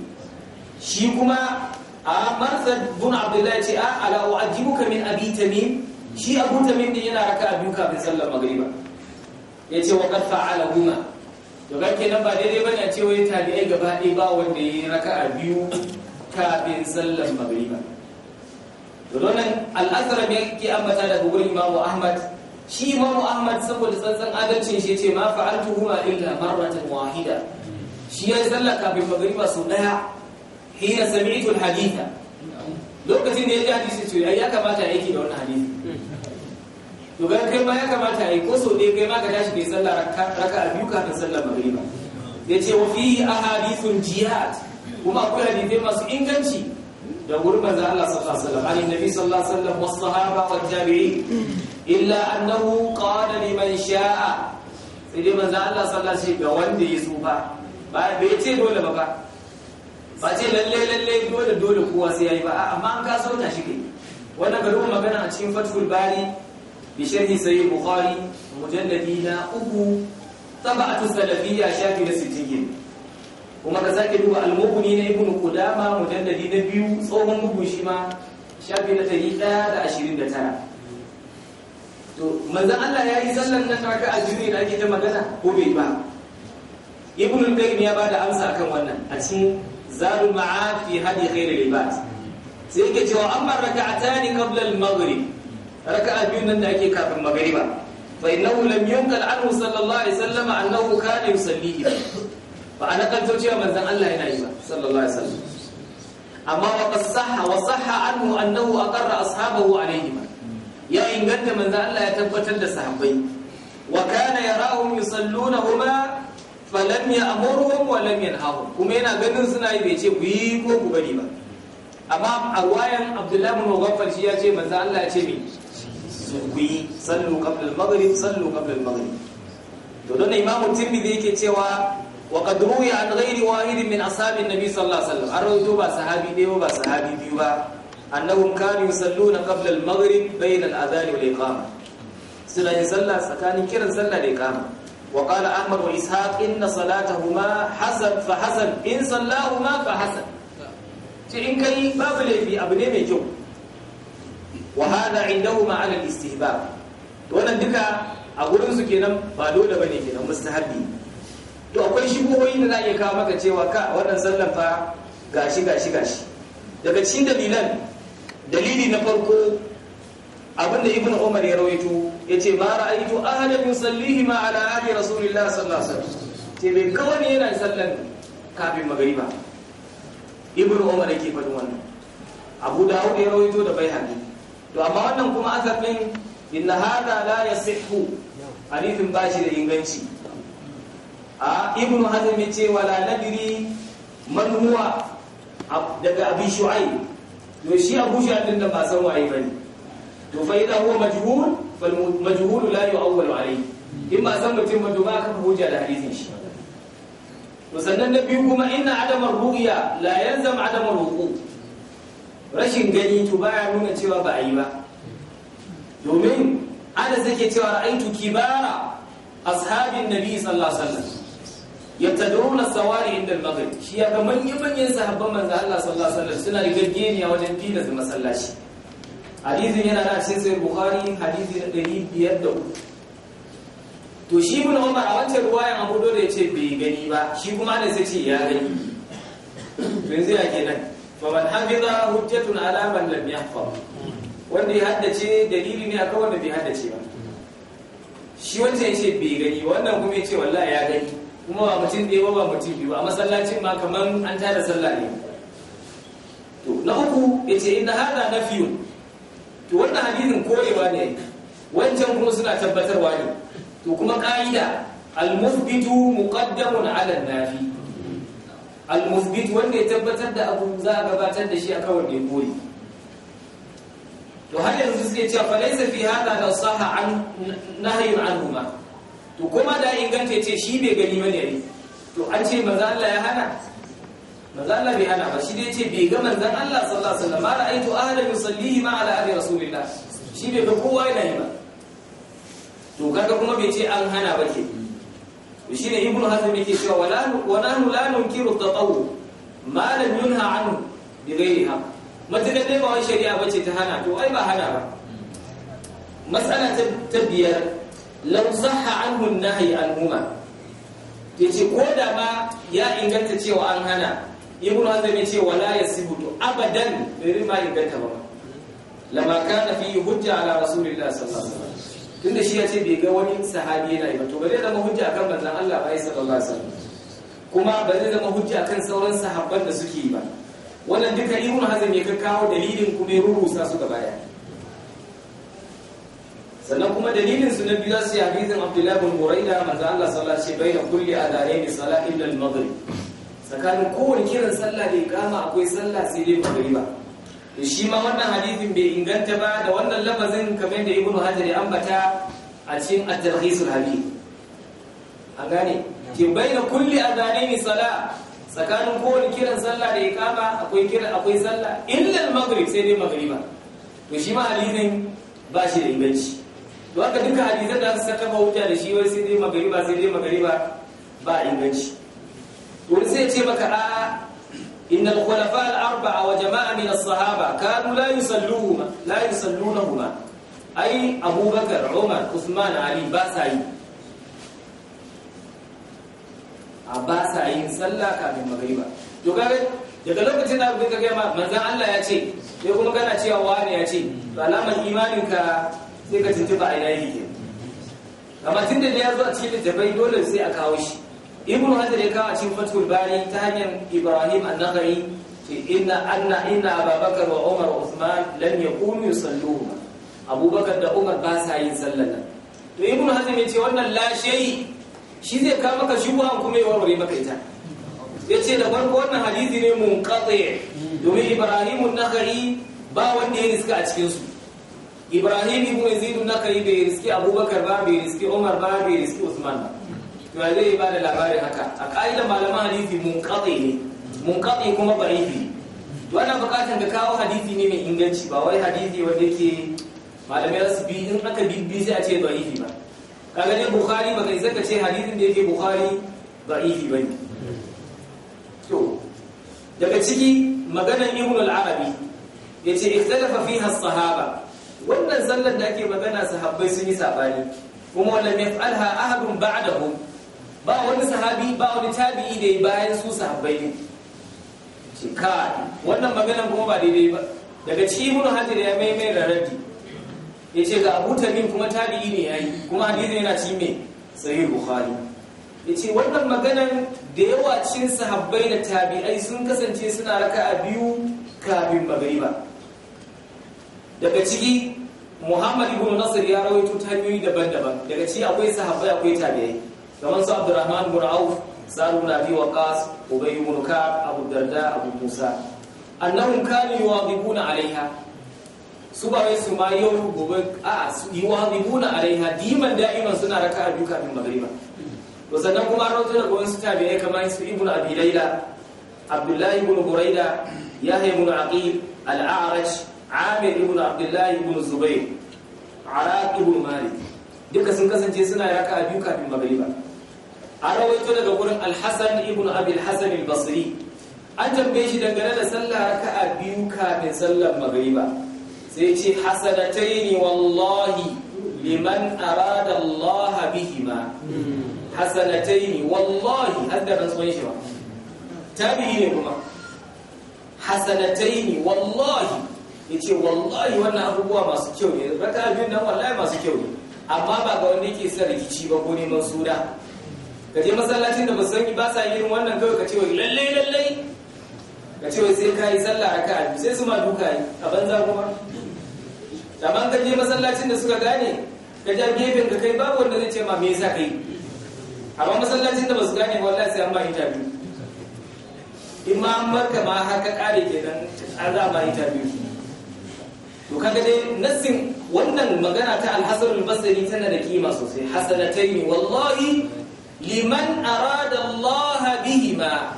shi kuma. a marzan bin abdullahi ce a ala u'ajibuka min abi tamim shi abu tamim din yana raka biyu kafin sallar magriba yace wa qad fa'ala huma to kake nan ba daidai bane a ce wai tabi'ai gaba ɗaya ba wanda yayi raka biyu kafin sallar magriba to don nan al-azhar ne yake ambata daga gurin Imam Ahmad shi Imam Ahmad saboda tsantsan adalcin shi yace ma fa'altu huma illa marratan wahida shi ya sallar kafin magriba sau daya hina sami'tu al-haditha lokacin da ya ji hadisi to ya kamata ya aiki da wannan hadisi to ga kai ma ya kamata a yi ko so dai kai ma ka tashi kai sallah raka biyu kafin sallar magriba yace wa fihi ahadithun jihad kuma akwai hadisi masu inganci da gurbin manzo Allah sallallahu alaihi wasallam ali nabi sallallahu alaihi wasallam was sahaba wat tabi'in illa annahu qala liman sha'a sai dai manzo Allah sallallahu alaihi wasallam ga wanda ya so ba ba bai ce dole ba ba ba ce lalle lalle dole dole kowa sai yayi ba amma an kaso so ta shi kai wannan ga ruwan magana a cikin fathul bari bi sharhi sahih bukhari mujalladi na uku tabatu salafiyya shafi na 60 kuma ka sake duba al-mughni na ibnu qudama mujalladi na biyu tsohon bugu shi ma shafi na 129 to manzo Allah yayi sallan nan kaka ajiri da ake ta magana ko bai ba ibnu qayyim ya bada amsa akan wannan a cikin zadul ma'ad fi hadi khairul ibad sai yake cewa amma raka'atani qabla al-maghrib raka'a biyu nan da ake kafin magriba fa innahu lam yunkal anhu sallallahu alaihi wasallam annahu kana yusalli ba ana kalto cewa manzon Allah yana yi ba sallallahu alaihi wasallam amma wa qad sahha wa sahha anhu annahu aqarra ashabahu alaihi ya inganta manzon Allah ya tabbatar da sahabbai wa kana yarahum yusallunahuma falam ya amurhum wa lam yanhahum kuma yana ganin suna yi bai ce ku yi ko ku bari ba amma a wayan abdullahi bin mughaffal shi ya ce manzo Allah ya ce me ku yi sallu qabla al-maghrib sallu qabla al-maghrib to don imam tirmidhi yake cewa wa qad ruwiya an ghairi wahid min ashabi an-nabi sallallahu alaihi wasallam an rawaito ba sahabi ne ba sahabi biyu ba annahum kanu yusalluna qabla al-maghrib bayna al-adhan wal iqamah suna yin sallah tsakanin kiran sallah da iqama وقال أحمد وإسحاق إن صلاتهما حسن فحسن إن صلاهما فحسن إن كي باب لفي أبني ميجو وهذا عندهما على الاستهباب وانا دكا أقولون سكينا فالولة بني كنا مستحبي to akwai shigohoyi da za a iya kawo maka cewa ka wannan sallan fa gashi gashi gashi daga cikin dalilan dalili na farko abinda Ibnu umar ya rawaito yace ma ra'aytu ahadan ma ala ahdi rasulillah sallallahu alaihi wasallam ce bai kawai yana sallan kafin magariba ibnu umar yake faɗin wannan abu dawud ya rawaito da bai to amma wannan kuma asar din inna hada la yasihhu hadithin bashi da inganci a ibnu hazm yace wala nadri man huwa daga abi shu'aib to shi abu shu'aib din da ba san waye bane to fa idan huwa majhul fal majhulu la yu'awwalu alayhi in ba san mutum ba ka hujja da hadisin shi to sannan na biyu kuma inna adamar ru'ya la yanzam adamar wuqu rashin gani to baya nuna cewa ba a yi ba domin ana zake cewa ra'aitu kibara ashabin nabi sallallahu alaihi wasallam yabtaduna sawari inda al-maghrib shi ya ga manyan suna wajen fila masallaci hadisin yana da cikin sai bukhari hadisi na ɗari biyar da uku to shi ibn umar a wancan ruwayan abu dole ya ce bai gani ba shi kuma ne sai ce ya gani to yanzu ya ke nan fa man hafiza hujjatun ala man lam yahfaz wanda ya haddace dalili ne akan wanda bai haddace ba shi wancan ya ce bai gani wannan kuma ya ce wallahi ya gani kuma ba mutum ɗaya ba ba mutum biyu a masallacin ma kamar an tada sallah ne to na uku ya ce inna hada nafiyun to wannan hadisin koyewa ne wancan kuma suna tabbatarwa ne to kuma ka'ida, al-musbitu muqaddamun 'ala an-nafi al wanda ya tabbatar da abu za a gabatar da shi akan wanda ya koyi to har yanzu suke ce fa laysa fi hada la sahha an nahyun anhuma to kuma da inganta ce shi bai gani bane to an ce manzo Allah ya hana manzo Allah bai hana ba shi dai ce bai ga manzon Allah sallallahu alaihi wasallam ma ra'aytu ahada yusallihi ma ala ahli rasulillah shi bai ga kowa yana yi ba to kaga kuma bai ce an hana ba ke To shi ne ibnu hazm yake cewa wala wala la nunkiru taqawwu ma lam yunha anhu bi ghairi matakan dai ba wai shari'a bace ta hana to ai ba hana ba mas'ala ta biyar law sahha anhu an-nahy anhuma yace ko da ba ya inganta cewa an hana ibnu hazm ya ce wala yasibu to abadan bai ma inganta ba lama kana fi hujja ala rasulillahi sallallahu alaihi wasallam tunda shi ya ce bai ga wani sahabi yana yi ba to ba zai zama hujja akan manzon Allah ba sallallahu alaihi wasallam kuma bare da zama hujja akan sauran sahabban da suke yi ba wannan duka ibnu hazm ya kawo dalilin kuma ya rubuta su gaba ya sannan kuma dalilin su na biyu za su yi hadisin Abdullahi bin Buraida manzon Allah sallallahu alaihi wasallam bai da kulli adarain salat illa al-maghrib tsakanin kowane kiran sallah da ikama akwai sallah sai dai magariba Da shi ma wannan hadithin bai inganta ba da wannan lafazin kamar da ibnu hajar ya ambata a cikin at-tarhis al-habib an gane ke baina kulli adhanaini sala tsakanin kowane kiran sallah da ikama, akwai kiran akwai sallah illa al-maghrib sai dai magriba to shi ma hadithin ba shi da inganci to haka duka hadisan da aka saka wuta da shi wai sai dai magriba sai dai magriba ba inganci wani zai ce maka a inna al-khulafa al-arba'a wa jama'a min as-sahaba kanu la yusalluhuma la yusallunahuma ai abubakar umar usman ali ba sa yi a ba sa yin to daga lokacin da abin ka gaya manzan Allah ya ce sai kuma kana cewa wani ya ce to alamar imanin ka sai ka tuntuba a ina yake amma tun da ya zo a cikin littafai dole sai a kawo shi ibn hajar ya kawo cikin fatul bari ta hanyar ibrahim an-nakhai inna anna inna ababakar wa umar wa uthman lam yaqumu yusalluna abubakar da umar ba sa yin sallar nan to ibn hajar ya ce wannan la shay shi zai kawo maka shubhan kuma ya warware maka ita Ya ce da farko wannan hadisi ne mun katse domin ibrahim an-nakhai ba wanda ya riska a cikin su ibrahim ibn yazid an-nakhai bai riski abubakar ba bai riski umar ba bai riski uthman ba ya zai ba da labarin haka a ƙa'idar malaman hadisi munqati ne munqati kuma barifi to ana buƙatar da kawo hadisi ne mai inganci ba wai hadisi wanda yake malamai za su bi in aka bibbi sai a ce barifi ba kaga ne bukhari ba kai zaka ce hadisin da yake bukhari barifi ba ne to daga ciki maganar ibn al-arabi yace ikhtalafa fiha as-sahaba wannan sallar da ake magana sahabbai sun yi sabani kuma lam yaf'alha ahadun ba'dahum ba wani sahabi ba wani tabi'i da ya bayan su sahabbai ne ce wannan maganan kuma ba daidai ba daga ci ibnu hajar ya mai mai rarrabi ya ce ga abu tamim kuma tabi'i ne yayi kuma hadisi yana ci mai sahih bukhari ya ce wannan maganan da yawa cin sahabbai da tabi'ai sun kasance suna raka a biyu kafin ba. daga ciki muhammad ibn nasir ya rawaito ta hanyoyi daban-daban daga ci akwai sahabbai akwai tabi'ai kamar su abdurrahman bin auf salu bin abi waqas ubay bin ka'ab abu darda abu musa annahum kanu yuwadibuna alaiha su ba su ma yau gobe a su yuwadibuna alaiha diman da'iman suna a biyu kafin magriba to sannan kuma rawaito da gobe su tabi'ai kamar su ibnu abi laila abdullahi bin buraida yahya bin aqil al-a'raj amir ibn abdullahi ibn zubair araq ibn malik duka sun kasance suna a biyu kafin magriba a rawaito daga wurin alhassan ibn abil hassan basri an tambaye shi dangane da sallah a biyu kafin sallar magariba sai ce hasanataini wallahi liman a arada Allah bihima hasanataini wallahi hadda rantsuwan shi ba biyu ne kuma hasanataini wallahi ce wallahi wannan abubuwa masu kyau ne raka'a biyu nan wallahi masu kyau ne amma ba ga wanda yake sa rikici ba ko neman suna ka je masallacin da ba su sani ba sa yin wannan kawai ka ce wai lalle lalle ka ce wai sai ka yi sallah a biyu sai su ma duka yi a banza kuma amma ka je masallacin da suka gane ka ja gefen ka kai babu wanda zai ce ma me yasa kai amma masallacin da ba su gane wallahi sai an ba interview in ma an barka ma haka kare kenan an za ba interview to kaga dai nassin wannan magana ta al-hasan basri tana da kima sosai hasanatai wallahi liman arada Allah bihima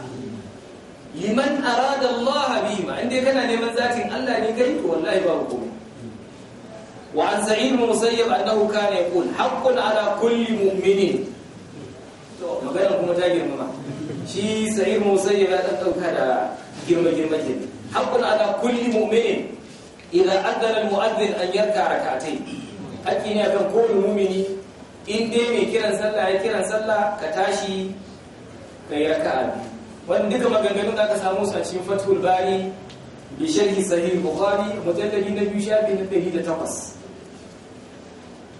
liman arada Allah bihima inda kana neman zatin Allah ne kai to wallahi babu komai wa an sa'id musayyib annahu kana yaqul haqqun ala kulli mu'minin to magana kuma ta girmama shi sa'id musayyib ya dauka da girma girma ke haqqun ala kulli mu'minin idan adana al-mu'adhdhin an yarka rak'atayn haƙi ne akan kowane mu'mini in dai mai kiran sallah ya kiran sallah ka tashi ka yi a biyu Wani duka maganganun da aka samu su a cikin bari bi sharhi sahih bukhari mujalladi na biyu shafi na ɗari da takwas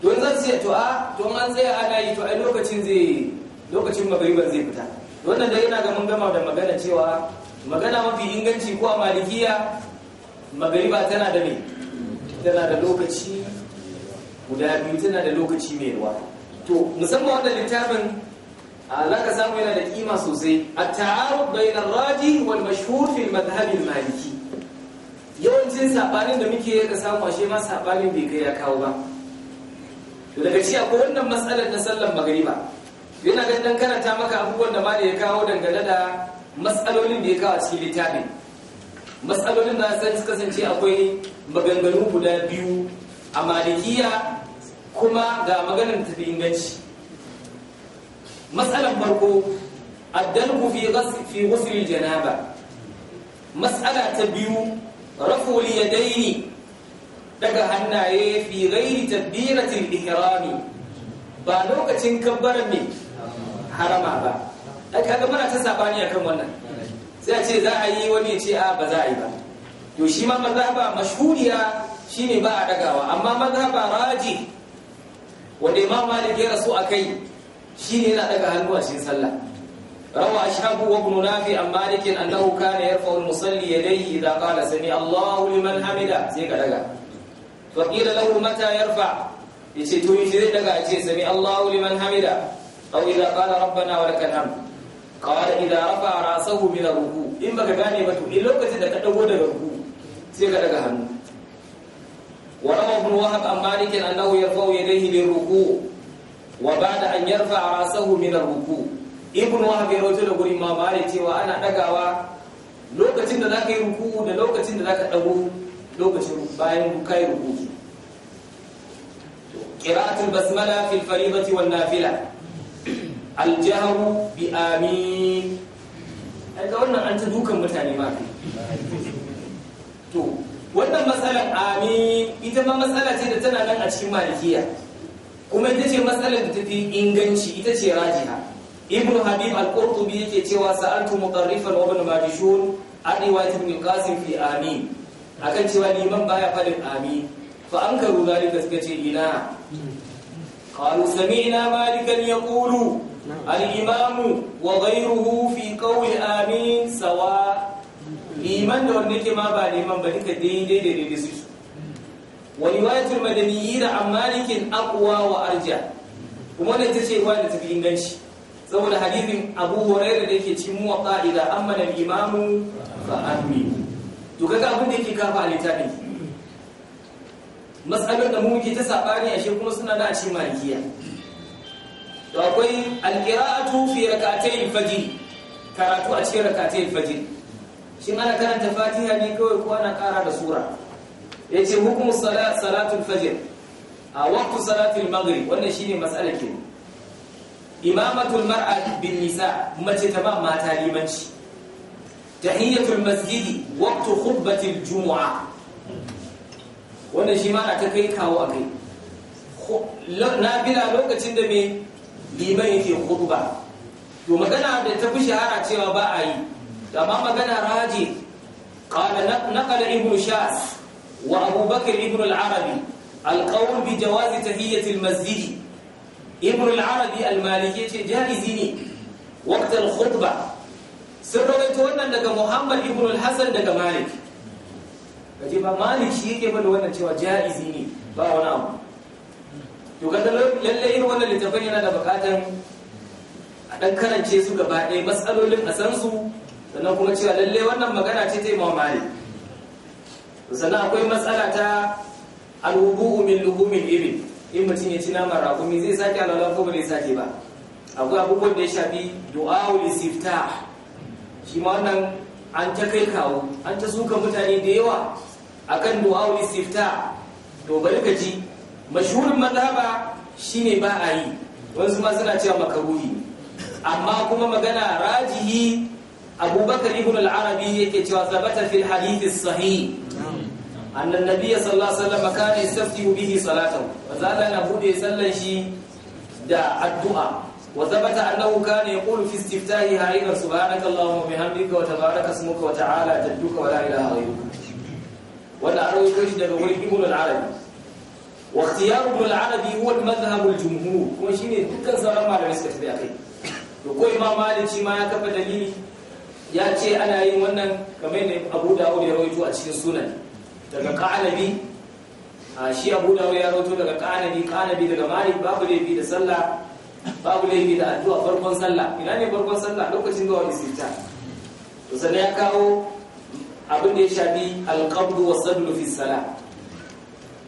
don zan siya to a to an tsaya ana yi to ai lokacin zai lokacin magariban zai fita wannan dai yana ga mun gama da magana cewa magana mafi inganci ko a malikiya magariba tana da mai tana da lokaci guda biyu tana da lokaci mai ruwa to musamman wannan littafin ka samu yana da kima sosai at-ta'arud bayn ar-raji wal mashhur fi madhhab maliki yawancin sabanin da muke yaka samu ashe ma sabanin bai kai ya kawo ba to daga ci akwai wannan matsalar na sallan magriba yana ga dan karanta maka abubuwan da bada ya kawo dangane da matsalolin da ya kawo a cikin littafin matsalolin da san suka kasance akwai maganganu guda biyu a malikiya kuma ga maganar tafi inganci matsalan farko addalku fi ghusl janaba matsala ta biyu rafu yadaini daga hannaye fi ghairi tadbiratil ihrami ba lokacin kabbarar ne harama ba ai kaga muna ta sabani akan wannan sai a ce za a yi wani ce a ba za a yi ba to shi ma mazhaba mashhuriya shine ba a dagawa amma mazhaba raji wanda imam malik ya rasu a kai shine yana daga hannu a cikin sallah روى أشهب وابن نافع عن مالك أنه كان يرفع المصلي يديه إذا قال سمع الله لمن حمده سيكا لغا فقيل له متى يرفع يشي تويشري لغا يشي سمع الله لمن حمده أو إذا قال ربنا ولك الحمد قال إذا رفع رأسه من الركوع إن بك غاني بتو إن لوكتي دا كدغو دا ركوع سيكا لغا هنو وروى ابن وهب عن مالك انه يرفع يديه للركوع وبعد ان يرفع راسه من الركوع ابن وهب يروي da gurin ma malik cewa ana dagawa lokacin da zaka yi ruku'u da lokacin da zaka dago lokacin bayan kai ruku'u قراءة البسملة في الفريضة والنافلة الجهر بآمين أنت قلنا أنت دوكا متاني ما to wannan matsalar amin ita ma matsala ce da tana nan a cikin malikiya kuma ita ce matsalar da tafi inganci ita ce rajiha ibn habib al-qurtubi yake cewa sa'altu muqarrifan wa ibn majishun adiwati ibn qasim fi amin akan cewa liman baya fadin amin fa ankaru zalika suka ce ina qalu sami'na malikan yaqulu al-imamu wa ghayruhu fi qawli amin sawa liman da wanda ke ma ba liman ba duka daidai da daidai su wa riwayatul madaniyyin an malikin aqwa wa arja kuma ta ce wa da tafi inganci saboda hadithin Abu Hurairah da yake cikin muwatta idan amana al-imamu fa aminu to kaga abin da yake kafa a littafin matsalar da muke ta sabani ashe kuma suna da a cikin malikiya to akwai al-qira'atu fi rak'atay al-fajr karatu a cikin rakatai al-fajr shi ana karanta fatiha ne kawai ko ana kara da sura ya ce hukumu salat salatul fajr a waqtu salatul maghrib wannan shine mas'alar ke imamatul mar'a bin nisa mace ta ba mata limanci tahiyatul masjidi waqtu khutbatil jumu'a wannan shi ma ta kai kawo akai bila lokacin da me liman yake khutba to magana da ta fi shahara cewa ba a yi amma magana raji qala naqala ibnu shas wa abubakar ibnu al-arabi al-qawl bi jawaz tahiyyati al-masjid ibnu al-arabi al-maliki ce jaizi ne waqt al-khutbah sun rawaito wannan daga muhammad ibnu al-hasan daga malik kaje ba malik shi yake bada wannan cewa jaizi ne ba wani abu to kada lalle irin wannan littafin yana da bukatan a dan karance su gaba ɗaya matsalolin a san su sannan kuma cewa lalle wannan magana ce ta yi mamaye. sannan akwai matsala ta alwubu'u min luhumin irin, in mutum ya ci naman rakumi zai sake alalar ko ba zai sake ba akwai abubuwan da ya shafi du'a'u lisifta shi ma wannan an ta kai kawo an ta suka mutane da yawa akan du'a'u lisifta to bari ka ji mashhurin mazhaba shine ba a yi wasu ma suna cewa makaruhi amma kuma magana rajihi abubakar ibn al-arabi yake cewa sabata fil hadith as-sahih anna an-nabiy sallallahu alaihi wasallam kana yastaftihu bihi salatahu wa zalla na bude sallan shi da addu'a wa sabata annahu kana yaqulu fi istiftahiha aydan subhanaka allahumma bihamdika wa tabaraka ismuka wa ta'ala jadduka wa la ilaha ghayruka wanda arwayo shi daga wurin ibn al-arabi wa ikhtiyar ibn al-arabi huwa al-madhhab al-jumhur kuma shine dukkan sauran malamai suka tafi akai to ko imam malik shi ma ya kafa dalili ya ce ana yin wannan kamar ne abu da ya rawaito a cikin sunan daga ka'anabi a shi abu da ya rawaito daga ka'anabi ka'anabi daga mari babu laifi da sallah babu laifi da addu'a farkon sallah ina ne farkon sallah lokacin wani sita to sannan ya kawo abin da ya shafi alqabdu wa sallu fi salah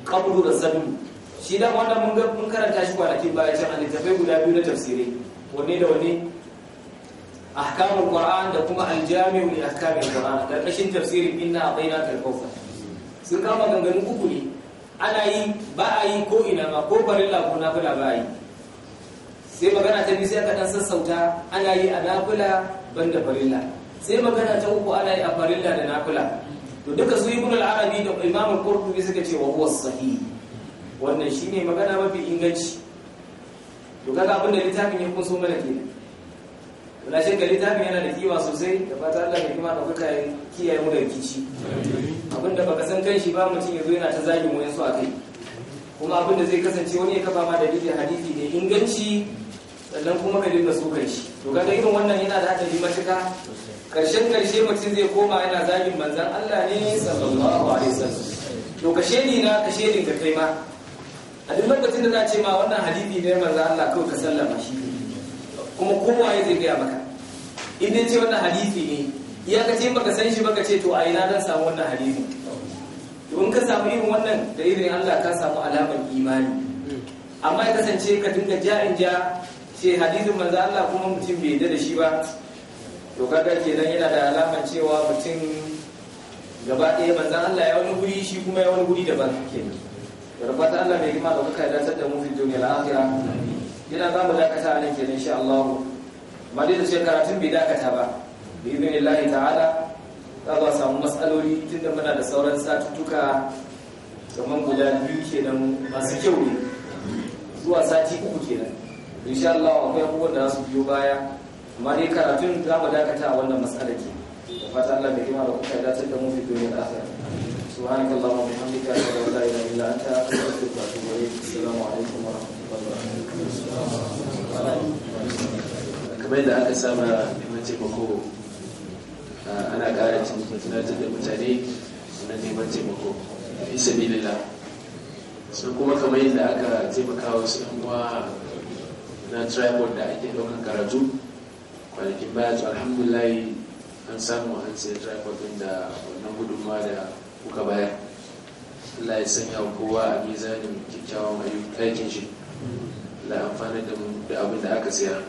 qabdu da sallu shi da wannan mun karanta shi kwanaki bayan can a littafai guda biyu na tafsirai wanne da wanne ahkamul qur'an da kuma aljami'u li ahkamil qur'an karkashin tafsirin inna atainaka al-kawthar sun kama ganganin uku ne ana yi ba a yi ko ina ma ko barilla ko nafila ba yi sai magana ta biyu sai aka dan sassauta ana yi a nafila da farilla sai magana ta uku ana yi a farilla da nafila to duka su ibn al-arabi da imam al-qurtubi suka ce wa huwa sahih wannan shine magana mafi inganci to kaga abin da littafin ya kunso mana kenan wala ga littafin yana da kima sosai da fata Allah mai kima da kuka kiyaye mu da rikici da baka san kan shi ba mutum yazo yana ta zagin wayan su kai. kuma abin da zai kasance wani ya kafa ma dalilin hadisi da inganci sannan kuma ka dinga so kan shi to kaga irin wannan yana da hadari matuka karshen karshe mutum zai koma yana zagin manzan. Allah ne sallallahu alaihi wasallam to kashe ni na kashe ni ka kai ma a duk lokacin da za ce ma wannan hadisi ne manzan Allah kawai ka sallama shi kuma kowa ya zai gaya maka in ce wannan hadisi ne ya ka ce baka san shi baka ce to a ina zan samu wannan hadisi to in ka samu irin wannan da irin Allah ka samu alamar imani amma ya kasance ka dinga ja in ja ce hadisin manzo Allah kuma mutum bai yadda da shi ba to kaga kenan yana da alamar cewa mutum gaba ɗaya manzo Allah ya wani guri shi kuma ya wani guri daban kenan da rabata Allah mai kima da kuka dace da mu fi duniya al-akhirah yana za mu dakata a nan kenan insha Allah ba dai da ce karatun bai dakata ba bi ibn Allah ta'ala za ba samu matsaloli tunda muna da sauran satuttuka kamar guda biyu kenan masu kyau ne zuwa sati uku kenan insha Allah akwai abubuwan da su biyo baya amma dai karatun za mu dakata a wannan matsalar ke fata Allah bai kima da kuka dace da mu fi duniyar da subhanakallahumma سبحانك اللهم وبحمدك اشهد ان لا اله الا انت استغفرك واتوب اليك السلام عليكم wa الله kamar yadda aka saba neman taimako ana ƙara tunatar da mutane na neman taimako fi sabilillah sun kuma kamar yadda aka taimaka wasu yanwa na tripod da ake ɗaukan karatu kwanakin baya to alhamdulahi an samu an sai tripod ɗin da wannan gudunma da kuka bayar Allah ya sanya kowa a mizanin kyakkyawan ayyukan shi la amfana da mu da abin da aka siya